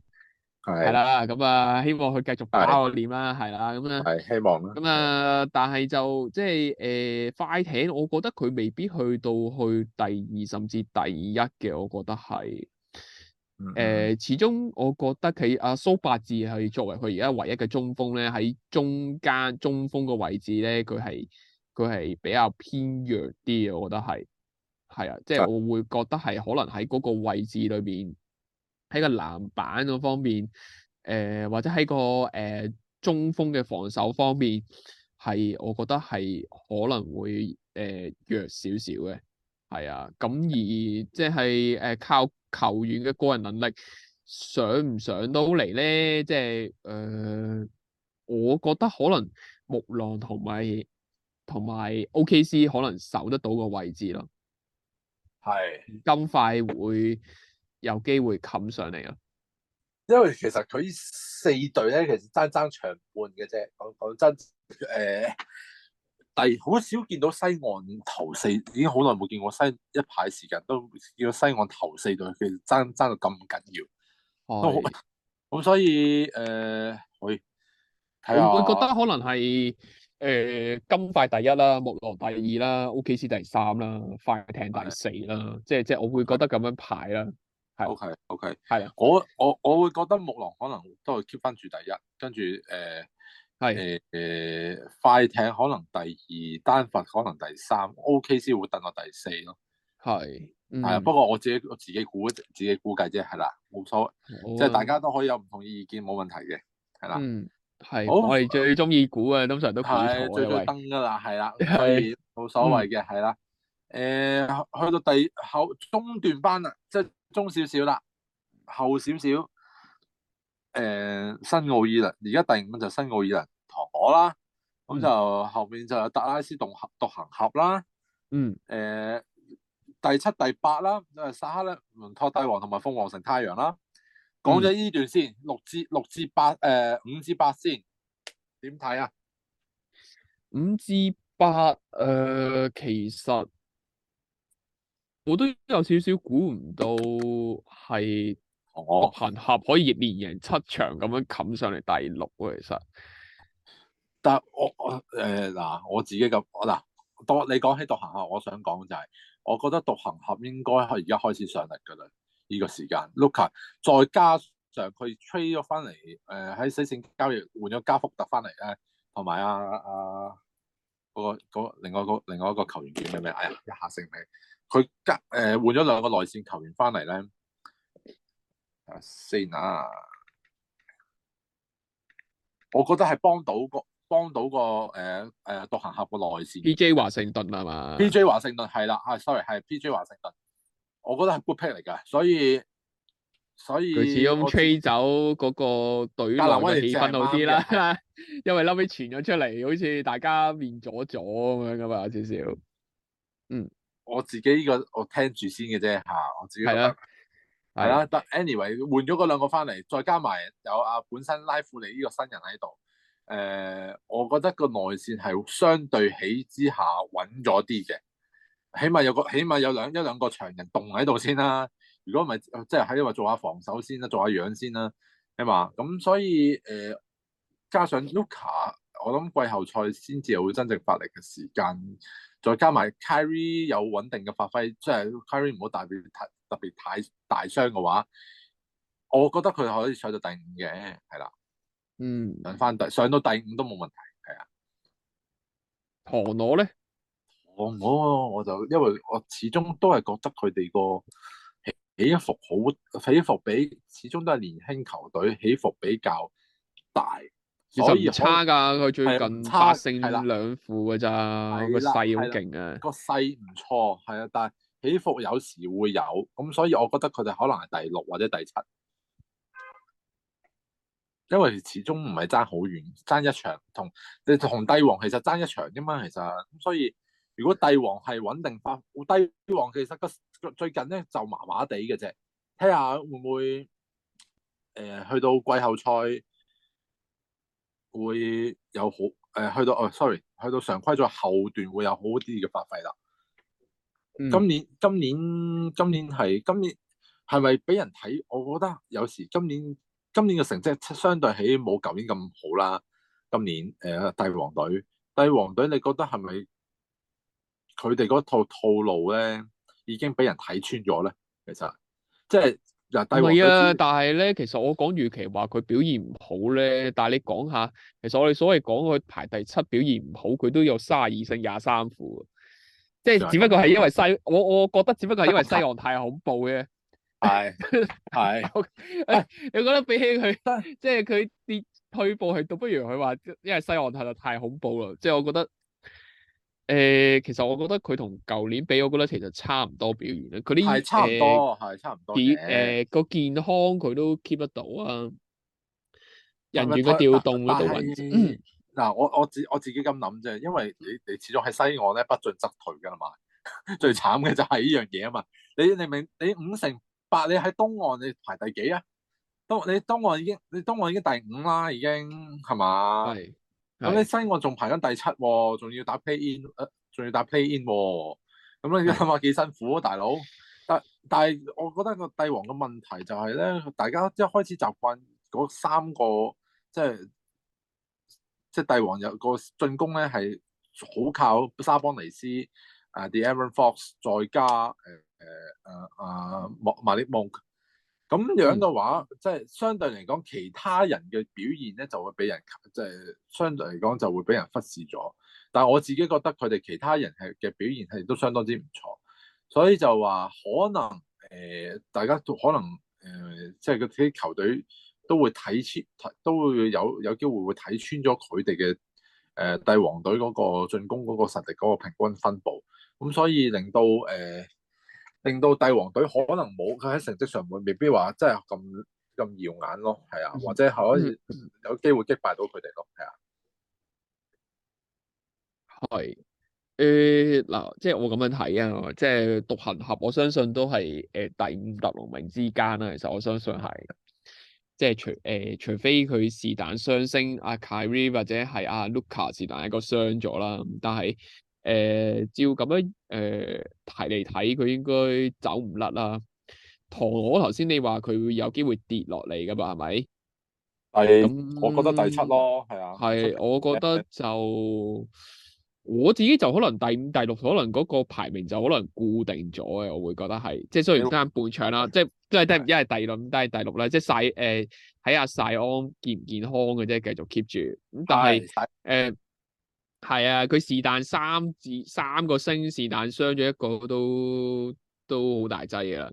啊，係啦的，咁啊、嗯，希望佢繼續打我臉啦，係啦，咁啊，係的、嗯、希望啦，咁啊、嗯，但係就即係誒，快艇，我覺得佢未必去到去第二甚至第一嘅，我覺得係。誒、嗯呃，始終我覺得佢阿蘇八字係作為佢而家唯一嘅中鋒咧，喺中間中鋒嘅位置咧，佢係佢係比較偏弱啲嘅，我覺得係係啊，即係、就是、我會覺得係可能喺嗰個位置裏邊，喺個籃板嗰方面，誒、呃、或者喺個誒、呃、中鋒嘅防守方面，係我覺得係可能會誒、呃、弱少少嘅。係啊，咁、嗯、而即係誒，靠球員嘅個人能力上唔上到嚟咧，即係誒、呃，我覺得可能木狼同埋同埋 OKC 可能守得到個位置咯，係咁是快會有機會冚上嚟啊！因為其實佢四隊咧，其實爭爭場半嘅啫，講講真誒。呃但好少見到西岸頭四，已經好耐冇見過西一排時間都見到西岸頭四隊其實爭爭到咁緊要。哦，咁是所以誒，呃啊、會睇下。我覺得可能係誒、呃、金塊第一啦，木狼第二啦，O.K.C.、OK、第三啦，快艇第四啦。即係即係，就是就是、我會覺得咁樣排啦。係，O.K. O.K. 係是，我我我會覺得木狼可能都係 keep 翻住第一，跟住誒。呃係誒是、呃，快艇可能第二，丹佛可能第三，OK 先會等到第四咯。係，係、嗯、啊、呃。不過我自己我自己估，自己估計啫，係啦，冇所謂。即係的大家都可以有唔同意見，冇問題嘅，係啦。嗯，係好。我係最中意估嘅，呃、通常都估係，最多登噶啦，係喂啦，所以冇所謂嘅，係 啦。誒、呃，去到第後中段班啦，即係中少少啦，後少少，少。誒、呃，新奧爾良，而家第五就新奧爾良。.我啦，咁就、嗯、後面就有達拉斯獨獨行俠啦，嗯，誒、呃，第七、第八啦，就誒、是，薩克咧，倫托帝王同埋鳳凰城太陽啦。講咗呢段先，六至六至八誒、呃，五至八先，點睇啊？五至八誒、呃，其實我都有少少估唔到係獨行俠可以連贏七場咁樣冚上嚟第六喎，其實。但係我我誒嗱我自己咁嗱，當你講起獨行俠，我想講就係，我覺得獨行俠應該係而家開始上力嘅啦。呢、呢個時間，Luka 再加上佢吹咗翻嚟，誒喺死線交易換咗加福特翻嚟咧，同埋啊，阿、啊、嗰、嗰個、嗰個嗰個、另外個另外一個球員叫咩名？哎呀，一下性名，佢加誒、呃、換咗兩個內線球員翻嚟咧，啊 s i 我覺得係幫到、嗰個。幫到個誒誒獨行俠個內線，P.J. 華盛頓係嘛？P.J. 華盛頓係啦，啊，sorry，係 P.J. 華盛頓，我覺得係 good pick 嚟㗎，所以所以佢始終吹我走嗰個隊內嘅氣氛好啲啦， 因為嬲尾傳咗出嚟，好似大家面阻阻咁樣㗎嘛，少少。嗯，我自己依個我聽住先嘅啫嚇，我自己係啦，係啦，得 anyway 換咗嗰兩個翻嚟，再加埋有阿本身拉庫尼呢個新人喺度。誒、呃，我覺得個內線係相對起之下穩咗啲嘅，起碼有個起碼有兩一兩個長人凍喺度先啦、啊。如果唔係，即係喺度話做下防守先啦、啊，做下樣先啦、啊，係嘛。咁所以誒、呃，加上 Luka，我諗季後賽先至係會真正發力嘅時間。再加埋 Kyrie 有穩定嘅發揮，即係 Kyrie 唔好特別太特別太大傷嘅話，我覺得佢可以上到第五嘅，係啦。嗯，搵翻第上到第五都冇問題，係啊。陀螺咧，陀螺？我就因為我始終都係覺得佢哋個起起伏好起伏比始終都係年輕球隊起伏比較大。其實唔差噶，佢很最近差勝兩負噶咋個勢好勁啊！那個勢唔錯，係啊，但係起伏有時會有咁，所以我覺得佢哋可能係第六或者第七。因為始終唔係爭好遠，爭一場同你同帝王其實爭一場啫嘛，其實，所以如果帝王係穩定翻，帝王其實個最近咧就麻麻地嘅啫，睇下會唔會誒、呃、去到季後賽會有好誒、呃、去到哦，sorry，去到常規賽後段會有好啲嘅發揮啦、嗯。今年今年今年係今年係咪俾人睇？我覺得有時今年。今年嘅成績相對起冇舊年咁好啦。今年誒帝王隊，帝王隊，帝王隊你覺得係咪佢哋嗰套套路咧已經俾人睇穿咗咧？其實即係嗱，帝王啊，但係咧，其實我講預期話佢表現唔好咧，但係你講下，其實我哋所謂講佢排第七表現唔好，佢都有卅二勝廿三負，即係只不過係因為西， 我我覺得只不過係因為西岸太恐怖嘅。係係， 你覺得比起佢，即係佢跌退步係倒不如佢話，因為西岸實在太恐怖啦。即、就、係、是、我覺得，誒、呃，其實我覺得佢同舊年比，我覺得其實差唔多表現佢啲係差唔多，係、呃、差唔多嘅。誒個、呃、的健康佢都 keep 得到啊，人員嘅調動嗰度，嗱是、嗯，我我自我自己咁諗啫，因爲你你始終喺西岸咧，不進則退噶啦嘛， 最慘嘅就係呢樣嘢啊嘛，你你，你明，你五成。百你喺東岸你排第幾啊？東你東岸已經你東岸已經第五啦，已經係嘛？係咁你西岸仲排緊第七喎、哦，仲要打 play in，誒、呃、仲要打 play in 喎、哦。咁你諗下幾辛苦啊，大佬？但但係我覺得個帝王嘅問題就係咧，大家一開始習慣嗰三個即係即係帝王有個進攻咧係好靠沙邦尼斯，啊，De'Aaron Fox 再加誒誒誒阿莫馬利蒙，咁樣嘅話，即係、嗯、相對嚟講其他人嘅表現咧就會俾人即係、就是、相對嚟講就會俾人忽視咗。但係我自己覺得佢哋其他人係嘅表現係都相當之唔錯，所以就話可能誒、呃、大家都可能誒即係嗰啲球隊都會睇穿，都會有有機會會睇穿咗佢哋嘅誒帝王隊嗰個進攻嗰個實力嗰個平均分佈。咁、嗯、所以令到誒、呃，令到帝王隊可能冇佢喺成績上會未必話真係咁咁耀眼咯，係啊，或者可以有機會擊敗到佢哋咯，係啊，係誒嗱，即係我咁樣睇啊，即係獨行俠，我相信都係誒第五、第六名之間啦、啊。其實我相信係，即係除誒、呃，除非佢是但雙星阿、啊、Kyrie 或者係阿 Luka 是但、啊、一個傷咗啦，但係。誒、呃、照咁樣誒睇嚟睇，佢、呃、應該走唔甩啦。唐河頭先你話佢會有機會跌落嚟㗎嘛係咪？係，是嗯、我覺得第七咯，係啊。係是，我覺得就我自己就可能第五、第六，可能嗰個排名就可能固定咗嘅。我會覺得係，即係雖然得半場啦，即係即係得一係第五，咁一係第六啦，即係曬誒睇下曬安健唔健康嘅啫，繼續 keep 住。咁但係誒。的係啊，佢是但三至三個星，是但傷咗一個都都好大劑㗎啦。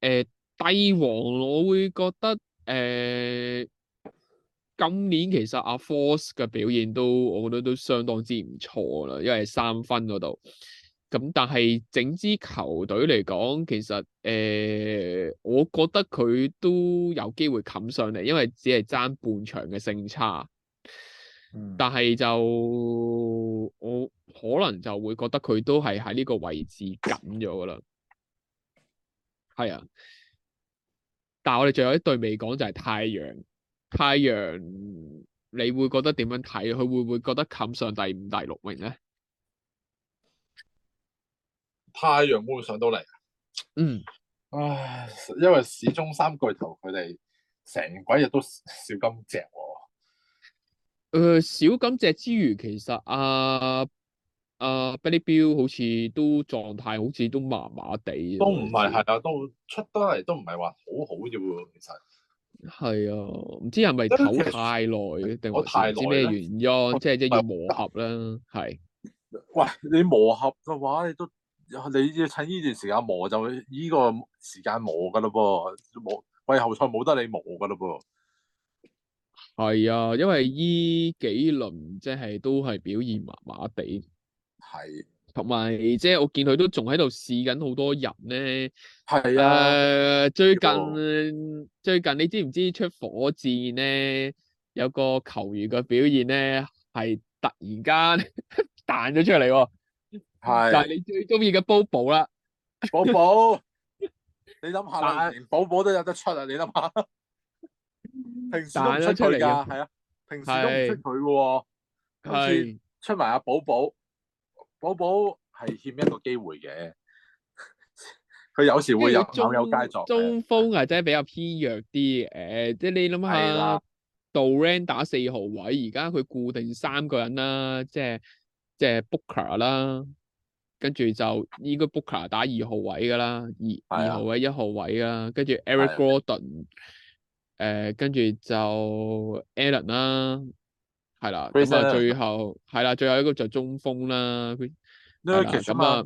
誒、呃，帝王我會覺得誒、呃，今年其實阿 Fox 嘅表現都我覺得都相當之唔錯啦，因為係三分嗰度。咁、嗯、但係整支球隊嚟講，其實誒、呃，我覺得佢都有機會冚上嚟，因為只係爭半場嘅勝差。但係就我可能就會覺得佢都係喺呢個位置緊咗噶啦，係啊。但係我哋仲有一對未講就係太陽，太陽你會覺得點樣睇？佢會唔會覺得冚上第五、第六名咧？太陽會上到嚟？啊？嗯，唉，因為始終三巨頭佢哋成鬼日都少金隻。誒，小感謝之餘，其實啊阿、啊、Billy Bill 好似都狀態，狀態好似都麻麻地，都唔係係啊，都出得嚟都唔係話好好啫喎，其實係啊，唔知係咪唞太耐定唔知咩原因，我即係一要磨合啦，係我。是喂，你磨合嘅話，你都你要趁呢段時間磨，就呢個時間磨噶咯噃，冇季後賽冇得你磨噶咯噃。係啊，因為依幾輪即係都係表現麻麻地，係同埋即係我見佢都仲喺度試緊好多人咧。係啊，呃，最近、啊、最近，最近你知唔知出火箭咧有個球員嘅表現咧係突然間彈咗出嚟？係是就係你最中意嘅波波啦，波波，你諗下 但 連波波都有得出啊？你諗下。平時都出嚟㗎，係啊，平時都出佢嘅喎，係出埋阿寶寶，寶寶係欠一個機會嘅，佢有時會有有佳作。中鋒係真係比較偏弱啲，誒、啊，即係你諗下 Durant 打四號位，而家佢固定三個人啦，即係即係 Booker 啦，跟、就、住、是、就應該 Booker 打二號位㗎啦，二二號位、一 Evet tight、啊、號位啦，跟住 Eric Gordon。abbrevi argued 誒，跟住、呃、就 Allen 啦，係啦，後最後係 啦，最後一個就中鋒啦。咁啊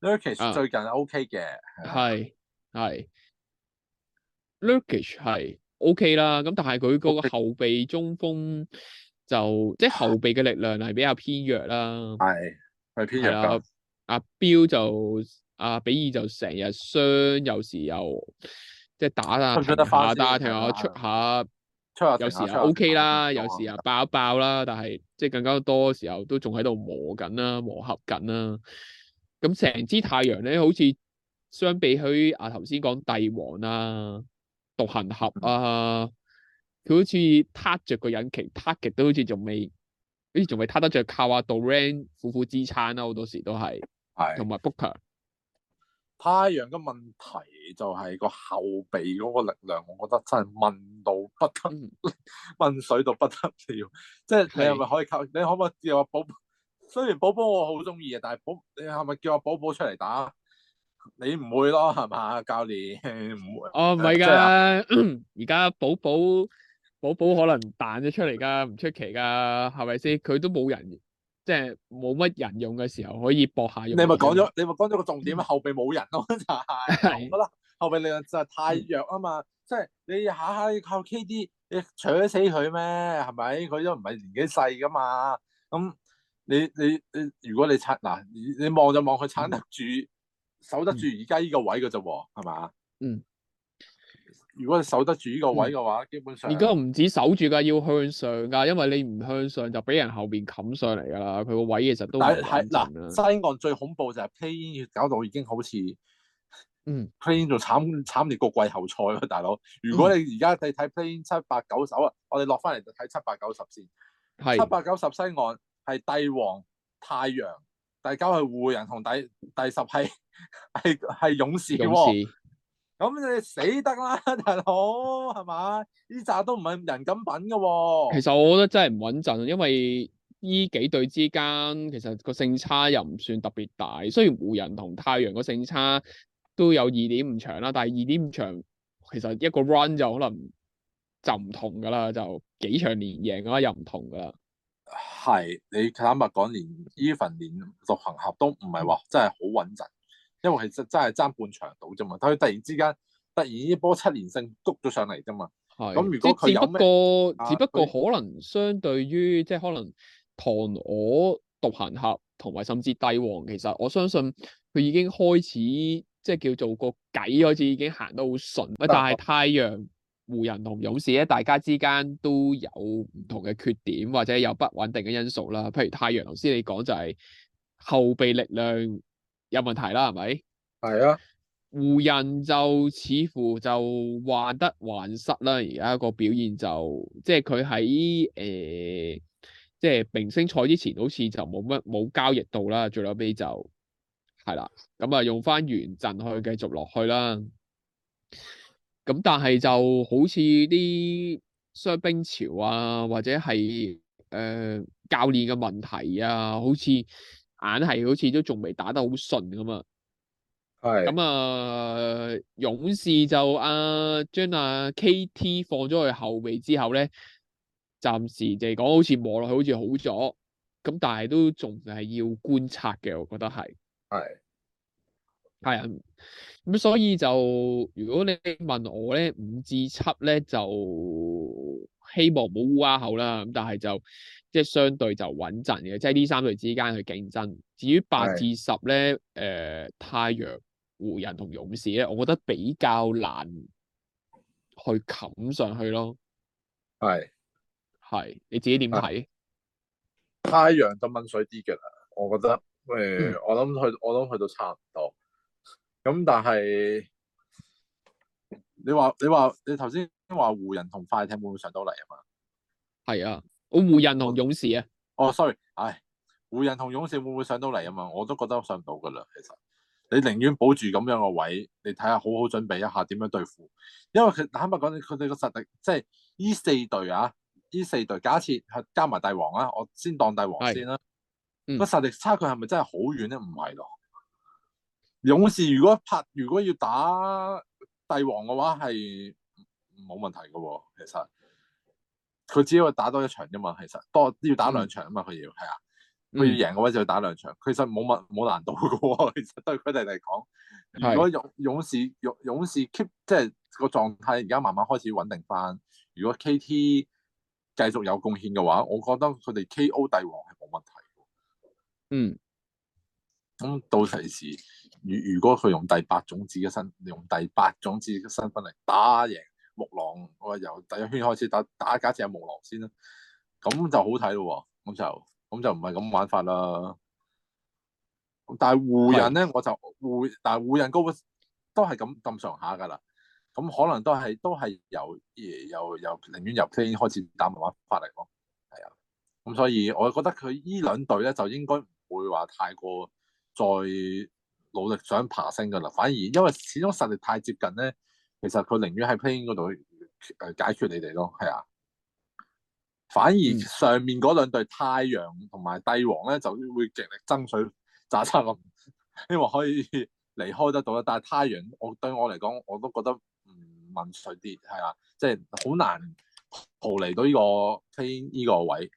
，Nurkic 最近 OK 嘅，係係 Nurkic 係 OK 啦。咁但係佢嗰個後備中鋒就 Okay. 即係後備嘅力量係比較偏弱啦。係係 偏弱噶。阿、啊啊、Bill 就阿、啊、比爾就成日傷，有時又。即係打啊，平衡下出平衡下出下，有時啊 O K 啦，下下有時啊爆一爆啦，啊、但係即係更加多時候都仲喺度磨緊啦，磨合緊啦。咁成支太陽咧，好似相比起啊頭先講帝王啊、獨行俠啊，佢好似撻著個引擎，撻極都好似仲未，好似仲未撻得著，靠阿杜蘭特苦苦支撐啦，好多時都係，係同埋 Booker。太陽嘅問題就係個後備嗰個力量，我覺得真係問到不得，問水到不得了。即係你係咪可以靠？你可唔可以叫我寶？雖然寶寶我好中意啊，但係寶你係咪叫我寶寶出嚟打？你唔會咯，係嘛，教練唔 會。哦，唔係噶，而家寶寶寶寶可能彈咗出嚟噶，唔出奇噶，係咪先？佢都冇人。即係冇乜人用嘅時候，可以搏下用你。你咪講咗，你咪講咗個重點啊！嗯、後備冇人咯， 是就係得啦。後備力量就太弱啊嘛，嗯、即係你下下要靠 K D，你搶死佢咩？係咪？佢都唔係年紀細噶嘛。咁你你你，如果你撐嗱，你望就望佢撐得住，嗯、守得住而家呢個位嘅啫、啊，係嘛？嗯。如果你守得住呢個位嘅話，嗯、基本上而家唔止守住噶，要向上噶，因為你唔向上就俾人後邊冚上嚟噶啦。佢個位其實都嗱，西岸最恐怖就係 play-in 搞到已經好似嗯 play-in 做慘慘烈過季後賽咯，大佬。如果你而家你睇 play-in 七八九手啊，嗯、我哋落翻嚟就睇七八九十先！係七八九十西岸係帝王太陽，第九係湖人同第第十係係係勇士。咁你死得啦，大佬係嘛？呢扎都唔係人噉品嘅喎。其實我覺得真係唔穩陣，因為依幾隊之間其實個勝差又唔算特別大。雖然湖人同太陽個勝差都有二點五場啦，但係二點五場其實一個 run 就可能就唔同㗎啦，就幾場連贏嘅話又唔同㗎啦。係，你坦白講，連依份連獨行俠都唔係話真係好穩陣。因為係真真係爭半場到啫嘛，但係突然之間突然呢波七連勝谷咗上嚟啫嘛。係咁的如果只不過、啊、只不過可能相對於他即係可能唐我獨行俠同埋甚至帝王，其實我相信佢已經開始即係叫做個計開始已經行得好順。啊、但係太陽、湖人同勇士咧，大家之間都有唔同嘅缺點或者有不穩定嘅因素啦。譬如太陽，頭先你講就係後備力量。有問題啦，係咪？係啊，湖人就似乎就患得患失啦。而家個表現就即係佢喺誒，即係、呃、明星賽之前好似就冇乜冇交易到啦。最後尾就係啦，咁啊用翻原陣去繼續落去啦。咁但係就好似啲傷兵潮啊，或者係誒、呃、教練嘅問題啊，好似。眼係好似都仲未打得好順咁嘛。係咁的啊，勇士就啊將啊 KT 放咗去後備之後咧，暫時就係講好似望落去好似好咗，咁但係都仲係要觀察嘅，我覺得係係係啊，咁的所以就如果你問我咧五至七咧就希望冇烏鴉口啦，咁但係就。即係相對就穩陣嘅，即係呢三隊之間去競爭。至於八至十咧，誒的、呃，太陽、湖人同勇士咧，我覺得比較難去冚上去咯。係係的，你自己點睇，啊？太陽就掹水啲嘅啦，我覺得誒、呃，我諗去，我諗去到差唔多。咁但係你話你話你頭先話湖人同快艇會唔會上到嚟啊嘛？係啊。我湖人同勇士啊？哦、oh，sorry，唉，湖人同勇士會唔會上到嚟啊嘛？我都覺得上唔到噶啦，其實你寧願保住咁樣個位，你睇下好好準備一下點樣對付，因為佢坦白講，佢哋個實力即係呢四隊啊，呢四隊假設係加埋帝王啊，我先當帝王先啦，個、嗯、實力差距係咪真係好遠咧？唔係咯，勇士如果拍如果要打帝王嘅話，係冇問題噶、哦，其實。佢只要打多一場啫嘛，其實多要打兩場啊嘛，佢、嗯、要係啊，佢要贏嘅話就要打兩場。嗯、其實冇乜冇難度嘅喎、哦，其實對佢哋嚟講，如果勇勇士勇勇士 keep 即係個狀態，而家慢慢開始穩定翻。如果 KT 繼續有貢獻嘅話，我覺得佢哋 KO 帝王係冇問題。嗯，咁到時如如果佢用第八種子嘅身，用第八種子嘅身份嚟打贏。木狼，我係由第一圈開始打打，假設係木狼先啦，咁就好睇咯喎，咁就咁就唔係咁玩法啦。但係湖人咧，的我就湖，但係湖人嗰波都係咁咁上下㗎啦，咁可能都係都係由由由寧願由 C 開始打玩法嚟咯，係啊。咁所以我覺得佢依兩隊咧就應該唔會話太過再努力想爬升㗎啦，反而因為始終實力太接近咧。其實佢寧願喺 play-in 嗰度去解決你哋咯，係啊。反而上面嗰兩隊太陽同埋帝王咧，就會極力爭取炸出嚟，希望可以離開得到啦。但係太陽，我對我嚟講，我都覺得唔民水啲，係啊，即係好難逃離到呢個 play-in 呢個位。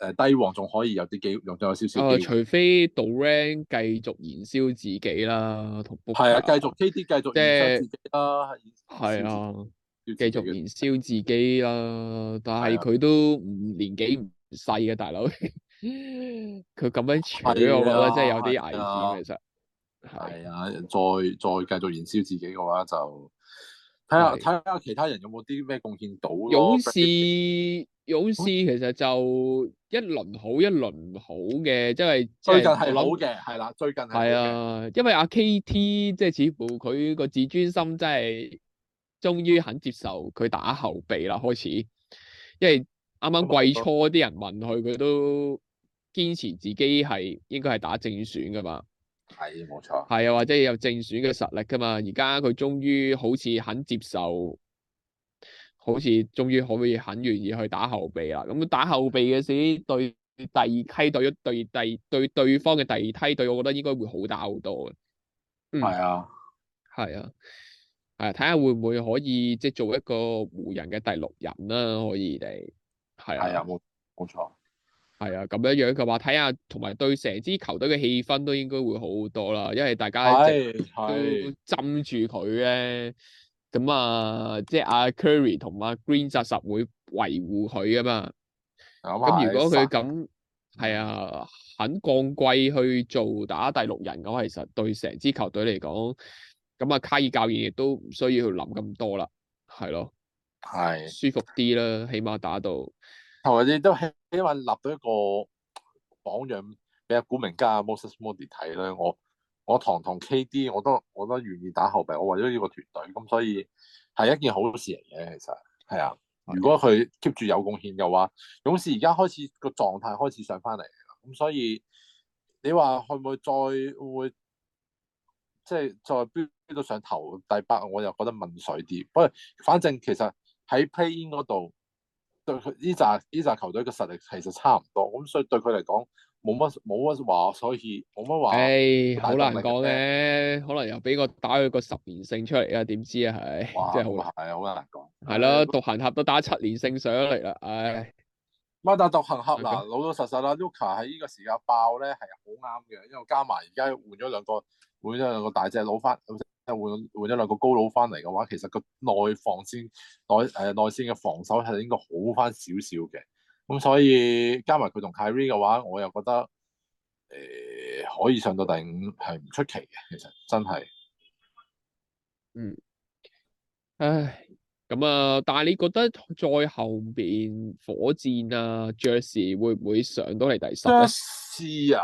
誒、呃，帝王仲可以有啲機，仲有少少、啊。除非杜蘭特繼續燃燒自己啦，同係、er, 啊，繼續 K D 繼續燃燒自己啦，係啊，繼續燃燒自己啦。啊、但係佢都唔年紀唔細嘅大佬，佢 咁樣做，啊、我覺得真係有啲危險。其實係啊，再再繼續燃燒自己嘅話就。睇下睇下其他人有冇啲咩貢獻到咯。勇士勇士其實就一輪好一輪好嘅，即、就、係、是就是、最近係好嘅，係啦想，最近係。係啊，因為阿 K T 即係似乎佢個自尊心真係終於肯接受佢打後備啦，開始。因為啱啱季初啲人問佢，佢都堅持自己係應該係打正選噶嘛。係，冇錯。係啊，或者有正選嘅實力噶嘛？而家佢終於好似肯接受，好似終於可以肯願意去打後備啦。咁打後備嘅時對第二梯隊對第對對，對，對，對方嘅第二梯隊，我覺得應該會好打好多嘅。係、嗯、啊，係啊，係啊，睇下會唔會可以即係做一個湖人嘅第六人啦？可以嚟，係啊，冇冇錯。係啊，咁樣樣嘅話睇下，同埋對成支球隊嘅氣氛都應該會好好多啦，因為大家即係都浸住佢咧，咁啊，即係阿 Curry 同阿 Green 扎實會維護佢噶嘛。咁如果佢咁係啊，肯降貴去做打第六人嘅話，其實對成支球隊嚟講，咁啊，卡爾教練亦都唔需要去諗咁多啦，係咯、啊，係是舒服啲啦，起碼打到。又或者都係希望立到一個榜樣俾阿古明加阿 Moses Moody 睇咧，我我堂堂 KD 我都我都願意打後備，我為咗呢個團隊，咁所以係一件好事嚟嘅，其實係啊。如果佢 keep 住有貢獻嘅話，勇士而家開始個狀態開始上翻嚟啦，咁所以你話會唔會再會即係再飆到上頭第八，我又覺得問水啲。不過反正其實喺 play in 嗰度。呢紮呢紮球隊嘅實力其實差唔多，咁所以對佢嚟講冇乜冇乜話，所以冇乜話。誒 Hey,，好難講嘅，可能又俾個打佢個十年勝出嚟啊？點知啊？係哇，即係好係好難講。係咯，獨了行俠都打七年勝上嚟啦，唉、嗯。乜、哎、但獨行俠嗱老吧老實實啦，Luka 喺呢個時間爆咧係好啱嘅，因為加埋而家換咗兩個換咗兩個大隻佬翻。換換咗兩個高佬翻嚟嘅話，其實個內防線內誒內線嘅、呃、防守係應該好翻少少嘅。咁所以加埋佢同 Kyrie 嘅話，我又覺得誒、呃、可以上到第五係唔出奇嘅。其實真係，嗯，唉，咁啊，但係你覺得再後邊火箭啊、爵士會唔會上到嚟第十？爵士啊，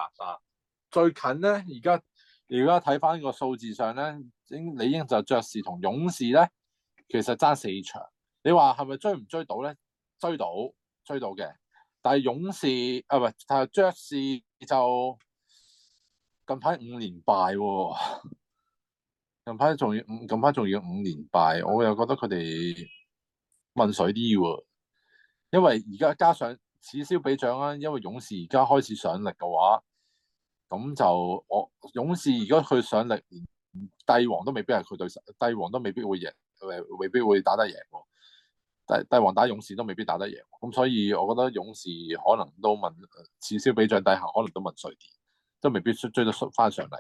最近咧，而家。而家睇翻呢個數字上咧，理應就爵士同勇士咧，其實爭四場。你話係咪追唔追到咧？追到，追到嘅。但係勇士啊，唔係，但係爵士就近排五連敗。近排仲要，近排仲要五連敗。我又覺得佢哋問水啲喎，因為而家加上此消彼長啦，啊。因為勇士而家開始上力嘅話。咁就我勇士，如果佢上力，帝王都未必係佢對手，帝王都未必會贏，未必會打得贏。帝帝王打勇士都未必打得贏。咁所以我覺得勇士可能都問此消彼長底下，可能都問衰啲，都未必追得翻上嚟。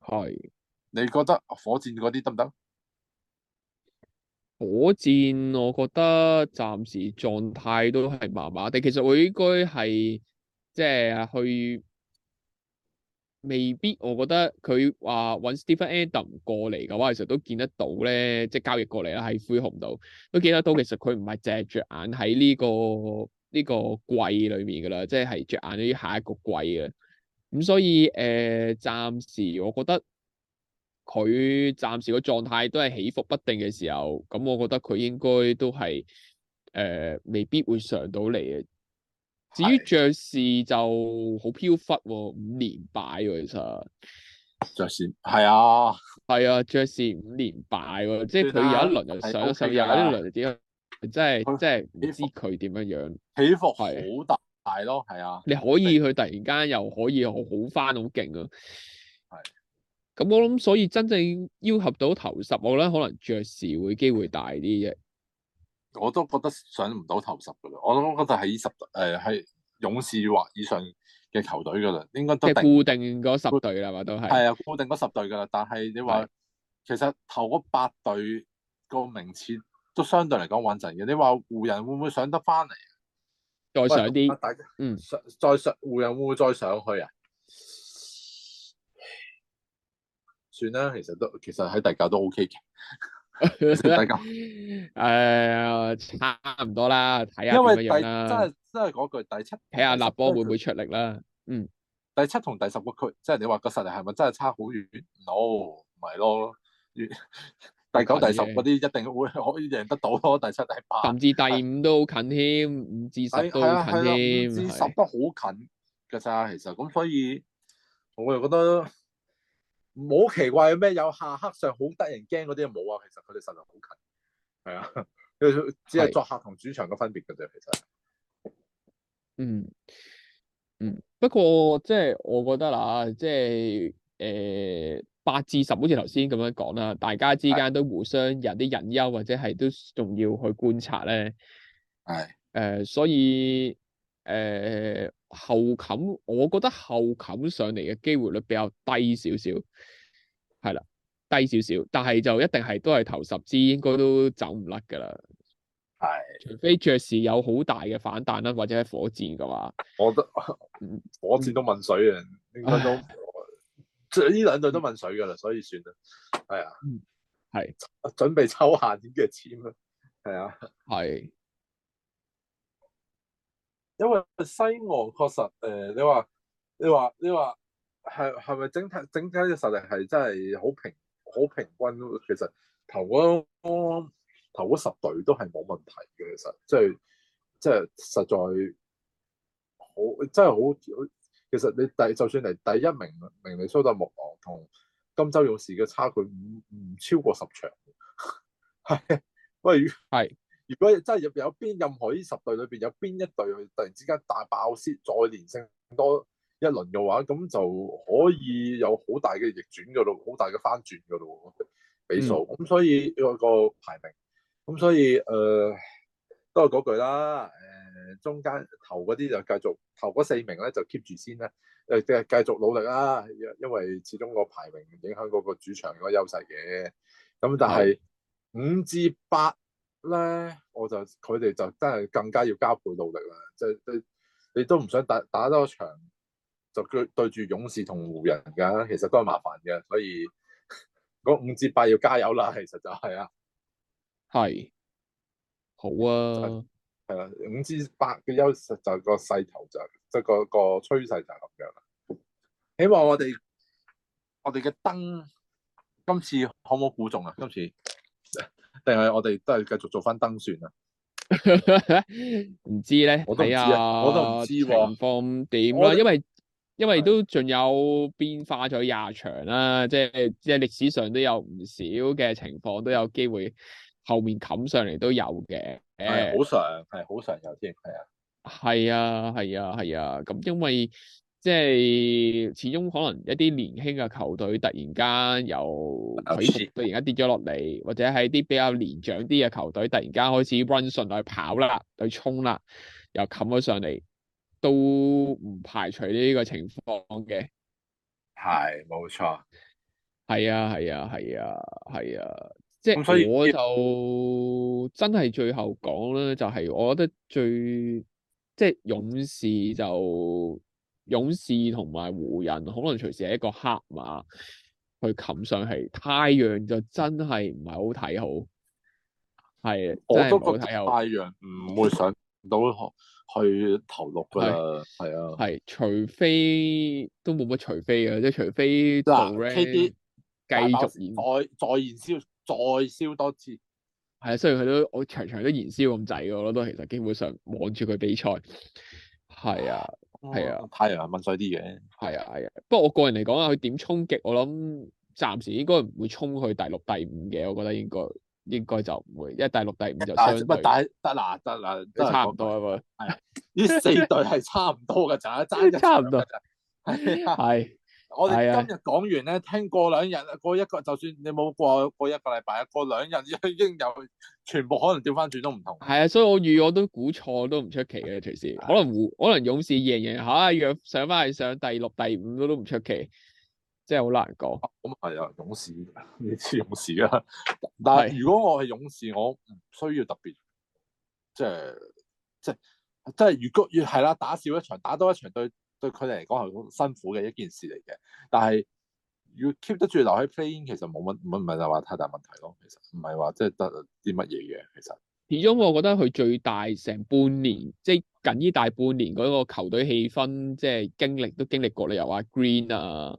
係是，你覺得火箭嗰啲得唔得？火箭我覺得暫時狀態都係麻麻地，其實我應該係。即係去未必，我覺得佢話搵 Steven Adams 過嚟嘅話，其實都見得到咧，即係交易過嚟啦，喺灰熊度都見得到。其實佢唔係淨係着眼喺呢、這個呢、這個季裏面噶啦，即係係着眼於下一個季嘅。咁所以誒，暫、呃、時我覺得佢暫時個狀態都係起伏不定嘅時候，咁我覺得佢應該都係誒、呃、未必會上到嚟嘅。至於爵士就好飄忽、啊，五連敗、啊、其實。爵士係啊，係啊，爵士五連敗、啊，即係佢有一輪又上，上有一輪又有一輪點樣，即係即係唔知佢點樣樣，起伏好大咯，係啊，啊你可以佢突然間又可以好，好翻好勁啊，係、啊，咁我諗所以真正要合到頭十，我諗可能爵士會機會大啲啫。我都覺得上唔到頭十噶啦，我都覺得喺十誒係、呃、勇士或以上嘅球隊噶啦，應該都定固定嗰十隊啦，話都係係啊，固定嗰十隊噶啦。但係你話是的 其實頭嗰八隊個名次都相對嚟講穩陣嘅。你話湖人會唔會上得翻嚟再上啲？大、嗯、家再上湖人會唔會再上去啊？算啦，其實都其實喺第九都 OK 嘅。大家，誒、 哎，差唔多啦，睇下因為第，點樣啦。真係真係嗰句，第七睇下立波十會唔會出力啦。嗯，第七同第十個區，即係你話個實力係咪真係差好遠？no，唔係咯。第九、第十嗰啲一定會可以贏得到咯。 第七、第八，甚至第五都好近添，五至十都好近添，五至十都好近噶咋。其實咁，所以我又覺得。冇奇怪咩？有下黑上好得人驚嗰啲冇啊！其實佢哋實在好近，係啊，只係作客同主場嘅分別㗎啫。是其實，嗯嗯，不過即係我覺得啦，即係誒八至十好似頭先咁樣講啦，大家之間都互相有啲隱憂，或者係都仲要去觀察咧。係誒是、呃，所以誒。呃後冚，我覺得後冚上嚟嘅機會率比較低少少，係啦，低少少，但係就一定係都係頭十支應該都走唔甩噶啦。係的，除非爵士有好大嘅反彈啦，或者火箭嘅話，我都，火箭都問水啊，嗯、應該都，呢兩隊都問水噶啦，所以算啦。係啊，係，準備抽下啲嘅簽啊？係啊，係。因為西岸確實誒、呃，你話你話你話係係咪整體整體啲實力係真係好平好平均？其實頭嗰十隊都係冇問題嘅，其實即係即係實在好真係好。其實你第就算嚟第一名明尼蘇達木狼同金州勇士嘅差距，唔唔超過十場，係 喂，係。如果真係入邊有邊任何呢十隊裏邊有邊一隊去突然之間大爆先，再連勝多一輪嘅話，咁就可以有好大嘅逆轉嘅咯，好大嘅翻轉嘅咯，比數咁，嗯、所以個個排名，咁所以誒、呃、都係嗰句啦，誒、呃、中間頭嗰啲就繼續頭嗰四名咧就 keep 住先啦，誒、呃、繼續努力啦，因因為始終個排名影響嗰個主場嗰個優勢嘅，咁但係五至八。8，咧，我就佢哋就真係更加要加倍努力啦。即係你，你都唔想打打多場就對住勇士同湖人噶，其實都係麻煩嘅。所以嗰五至八要加油啦。其實就係啊，係好啊，係啦。五至八嘅優勢就個勢頭就即係個個趨勢就咁樣。希望我哋我哋嘅燈今次可唔可以估中啊？今次。定係我哋都係繼續做翻燈算啦，唔 知咧，我哋知，哎、呀我都知啊，我都唔知情況點啦，因為因為都仲有變化咗廿場啦，的即係即係歷史上都有唔少嘅情況，都有機會後面冚上嚟，都有嘅，係好常係好常有添，係啊的，係啊係啊係啊，咁因為。即係始終可能一啲年輕嘅球隊突然間由佢突然間跌咗落嚟，事或者係啲比較年長啲嘅球隊突然間開始 run 順去跑啦，去衝啦，又冚咗上嚟，都唔排除呢個情況嘅。係，冇錯。係啊，係啊，係啊，係啊，啊，啊。即係我就、嗯、真係最後講啦，就係、是、我覺得最即係勇士就。勇士同埋湖人可能隨時係一個黑馬去冚上去，太陽就真係唔係好睇好。係，我都覺得太陽唔會上到去頭六噶啦。係啊，係除非都冇乜除非嘅，即係除非、啊、ラ K.D. 繼續燃再再燃燒再燒多次。係啊，雖然佢都我場場都燃燒咁滯嘅咯，我都其實基本上望住佢比賽係啊。係、哦、啊，太陽係溫水啲嘢。係啊係啊，不過我個人嚟講啊，佢點衝擊，我諗暫時應該唔會衝去第六第五嘅，我覺得應該應該就唔會，因為第六第五就相對，得喇得喇，都差唔多啊係，呢、啊、四隊係差唔多㗎咋， 差唔多咋，係。 我哋今日講完咧，聽過兩日過一個，就算你冇過過一個禮拜啊，過兩日已經有全部可能調翻轉都唔同。係啊，所以我預我都估錯都唔出奇嘅，隨時可能湖的可能勇士贏贏下，若上翻去上第六、第五都唔出奇，即係好難講。咁係啊，勇士你知勇士啦， 但係如果我係勇士，我唔需要特別即係即係即係，如果係啦，打少一場，打多一場對。對佢哋嚟講係好辛苦嘅一件事嚟嘅，但係要 keep 得住留喺 playing，其實冇乜冇唔係話太大問題咯。其實唔係話即係得啲乜嘢嘅。其實始終我覺得佢最大成半年，即係近呢大半年嗰個球隊氣氛，即係經歷都經歷過啦。由阿 Green 啊，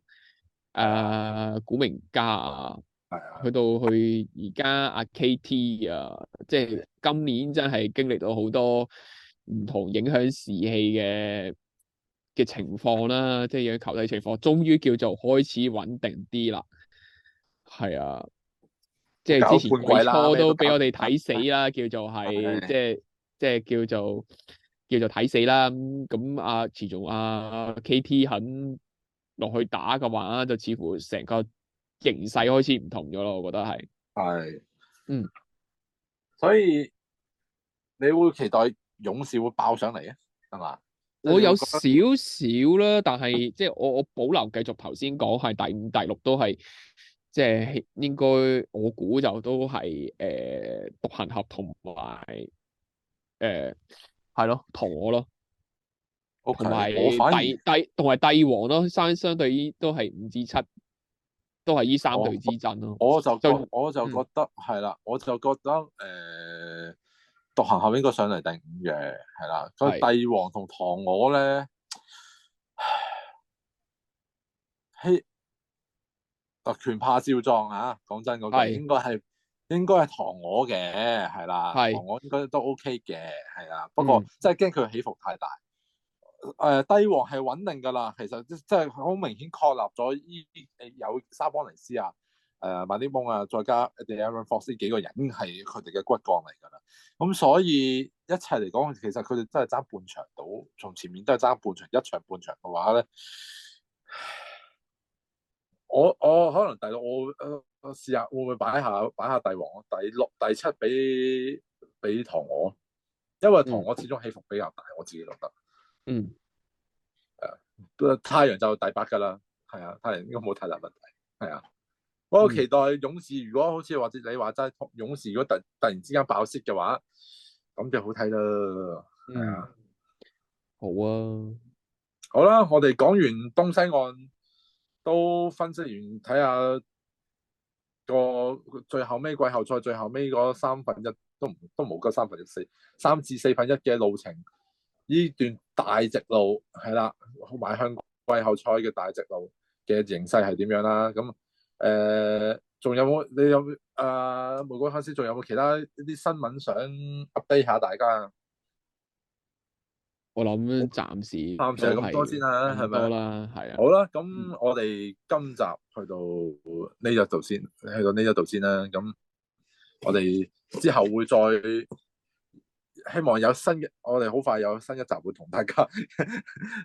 誒古明加啊，係啊去到去而家阿 KT 啊，即係今年真係經歷到好多唔同影響士氣嘅。嘅情況啦，即係有球隊情況，終於叫做開始穩定啲啦。係啊，即係之前半季初都俾我哋睇死啦的，叫做係，即係即係叫做叫做睇死啦。咁咁啊，始終啊，KT 肯落去打嘅話，就似乎成個形勢開始唔同咗咯。我覺得係。係的。嗯。所以，你會期待勇士會爆上嚟啊？係嘛？我有少少啦，但係即係我我保留繼續頭先講係第五、第六都係，即係應該我估就都係誒獨行俠同埋誒係咯，同我咯。同埋帝帝同埋帝王咯，相相對於都係五至七，都係依三隊之爭咯。我就我就覺得係啦，我就覺得誒。獨行後邊應該上嚟第五嘅。係啦，所以帝王同塘鵝咧，希啊權怕少壯啊，講真嗰句，應該係是應該係塘鵝嘅。係啦，是塘鵝應該都 OK 嘅。係啦，不過即係驚佢起伏太大。誒、呃，帝王係穩定噶啦，其實即係好明顯確立咗依有沙邦尼斯啊。誒、啊，馬利蒙啊，再加 De'Aaron Fox 呢幾個人，係佢哋嘅骨幹嚟㗎啦。咁所以一切嚟講，其實佢哋真係爭半場到，從前面都係爭半場，一場半場嘅話咧，我我可能第六我，呃、我我試下會唔會擺下擺下帝王，第六第七俾俾塘鵝，因為塘鵝始終起伏比較大，嗯、我自己覺得，嗯，係啊，不過太陽就第八㗎啦，係啊，太陽應該冇太大問題，係啊。不過我期待勇士，如果好似或者你話齋，勇士如果突突然之間爆息嘅話，咁就好睇咯，係啊、嗯，的好啊，好啦，我哋講完東西岸，都分析完，睇下個最後尾季後賽，最後尾嗰三分一都唔都冇三分一四三至四分一嘅路程，呢段大直路係啦，邁向季後賽嘅大直路嘅形勢係點樣啦，咁。誒，仲、呃、有冇？你有誒，無國 fans 仲有冇其他一啲新聞想 update 下大家？我諗暫時暫時咁多先啦，係咪？多啦吧，係啊。好啦，咁我哋今集去到呢一度先，嗯、去到呢一度先啦。咁我哋之後會再希望有新嘅，我哋好快有新一集會同大家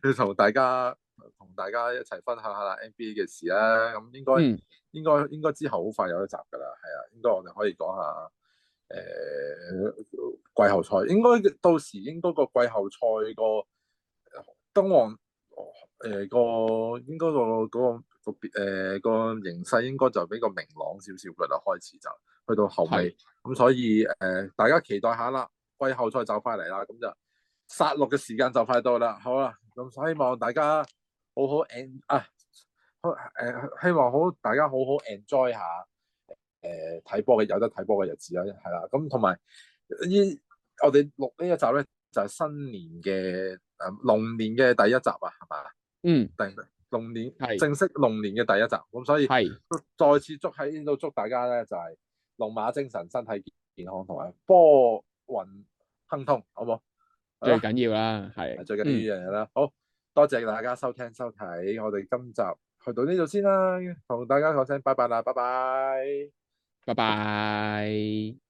去同大家。 同大家一齊分享下啦 NBA 嘅事啦，咁應該、嗯、應該應該之後好快有一集噶啦，係啊，應該我哋可以講下誒、呃、季後賽，應該到時應該個季後賽、呃呃那個東皇誒個應該、那個嗰個誒個形勢應該就比較明朗少少噶啦，開始就去到後尾，咁的所以誒、呃、大家期待下啦，季後賽就快嚟啦，咁就殺戮嘅時間就快到啦，好啦，咁希望大家。好好 e 啊，好誒，希望好大家好好 enjoy 下誒睇波嘅有得睇波嘅日子啦，係啦。咁同埋呢我哋錄呢一集咧，就係新年嘅誒龍年嘅第一集啊，係嘛？嗯，定、嗯，龍年係正式龍年嘅第一集，咁所以係再次祝喺呢度祝大家咧就係、是、龍馬精神，身體健康，同埋波運亨通，好唔好？最緊要啦，係最緊要呢樣嘢啦，好、嗯。多謝大家收聽收睇，我哋今集去到呢度先啦，同大家講聲拜拜啦，拜拜，拜拜。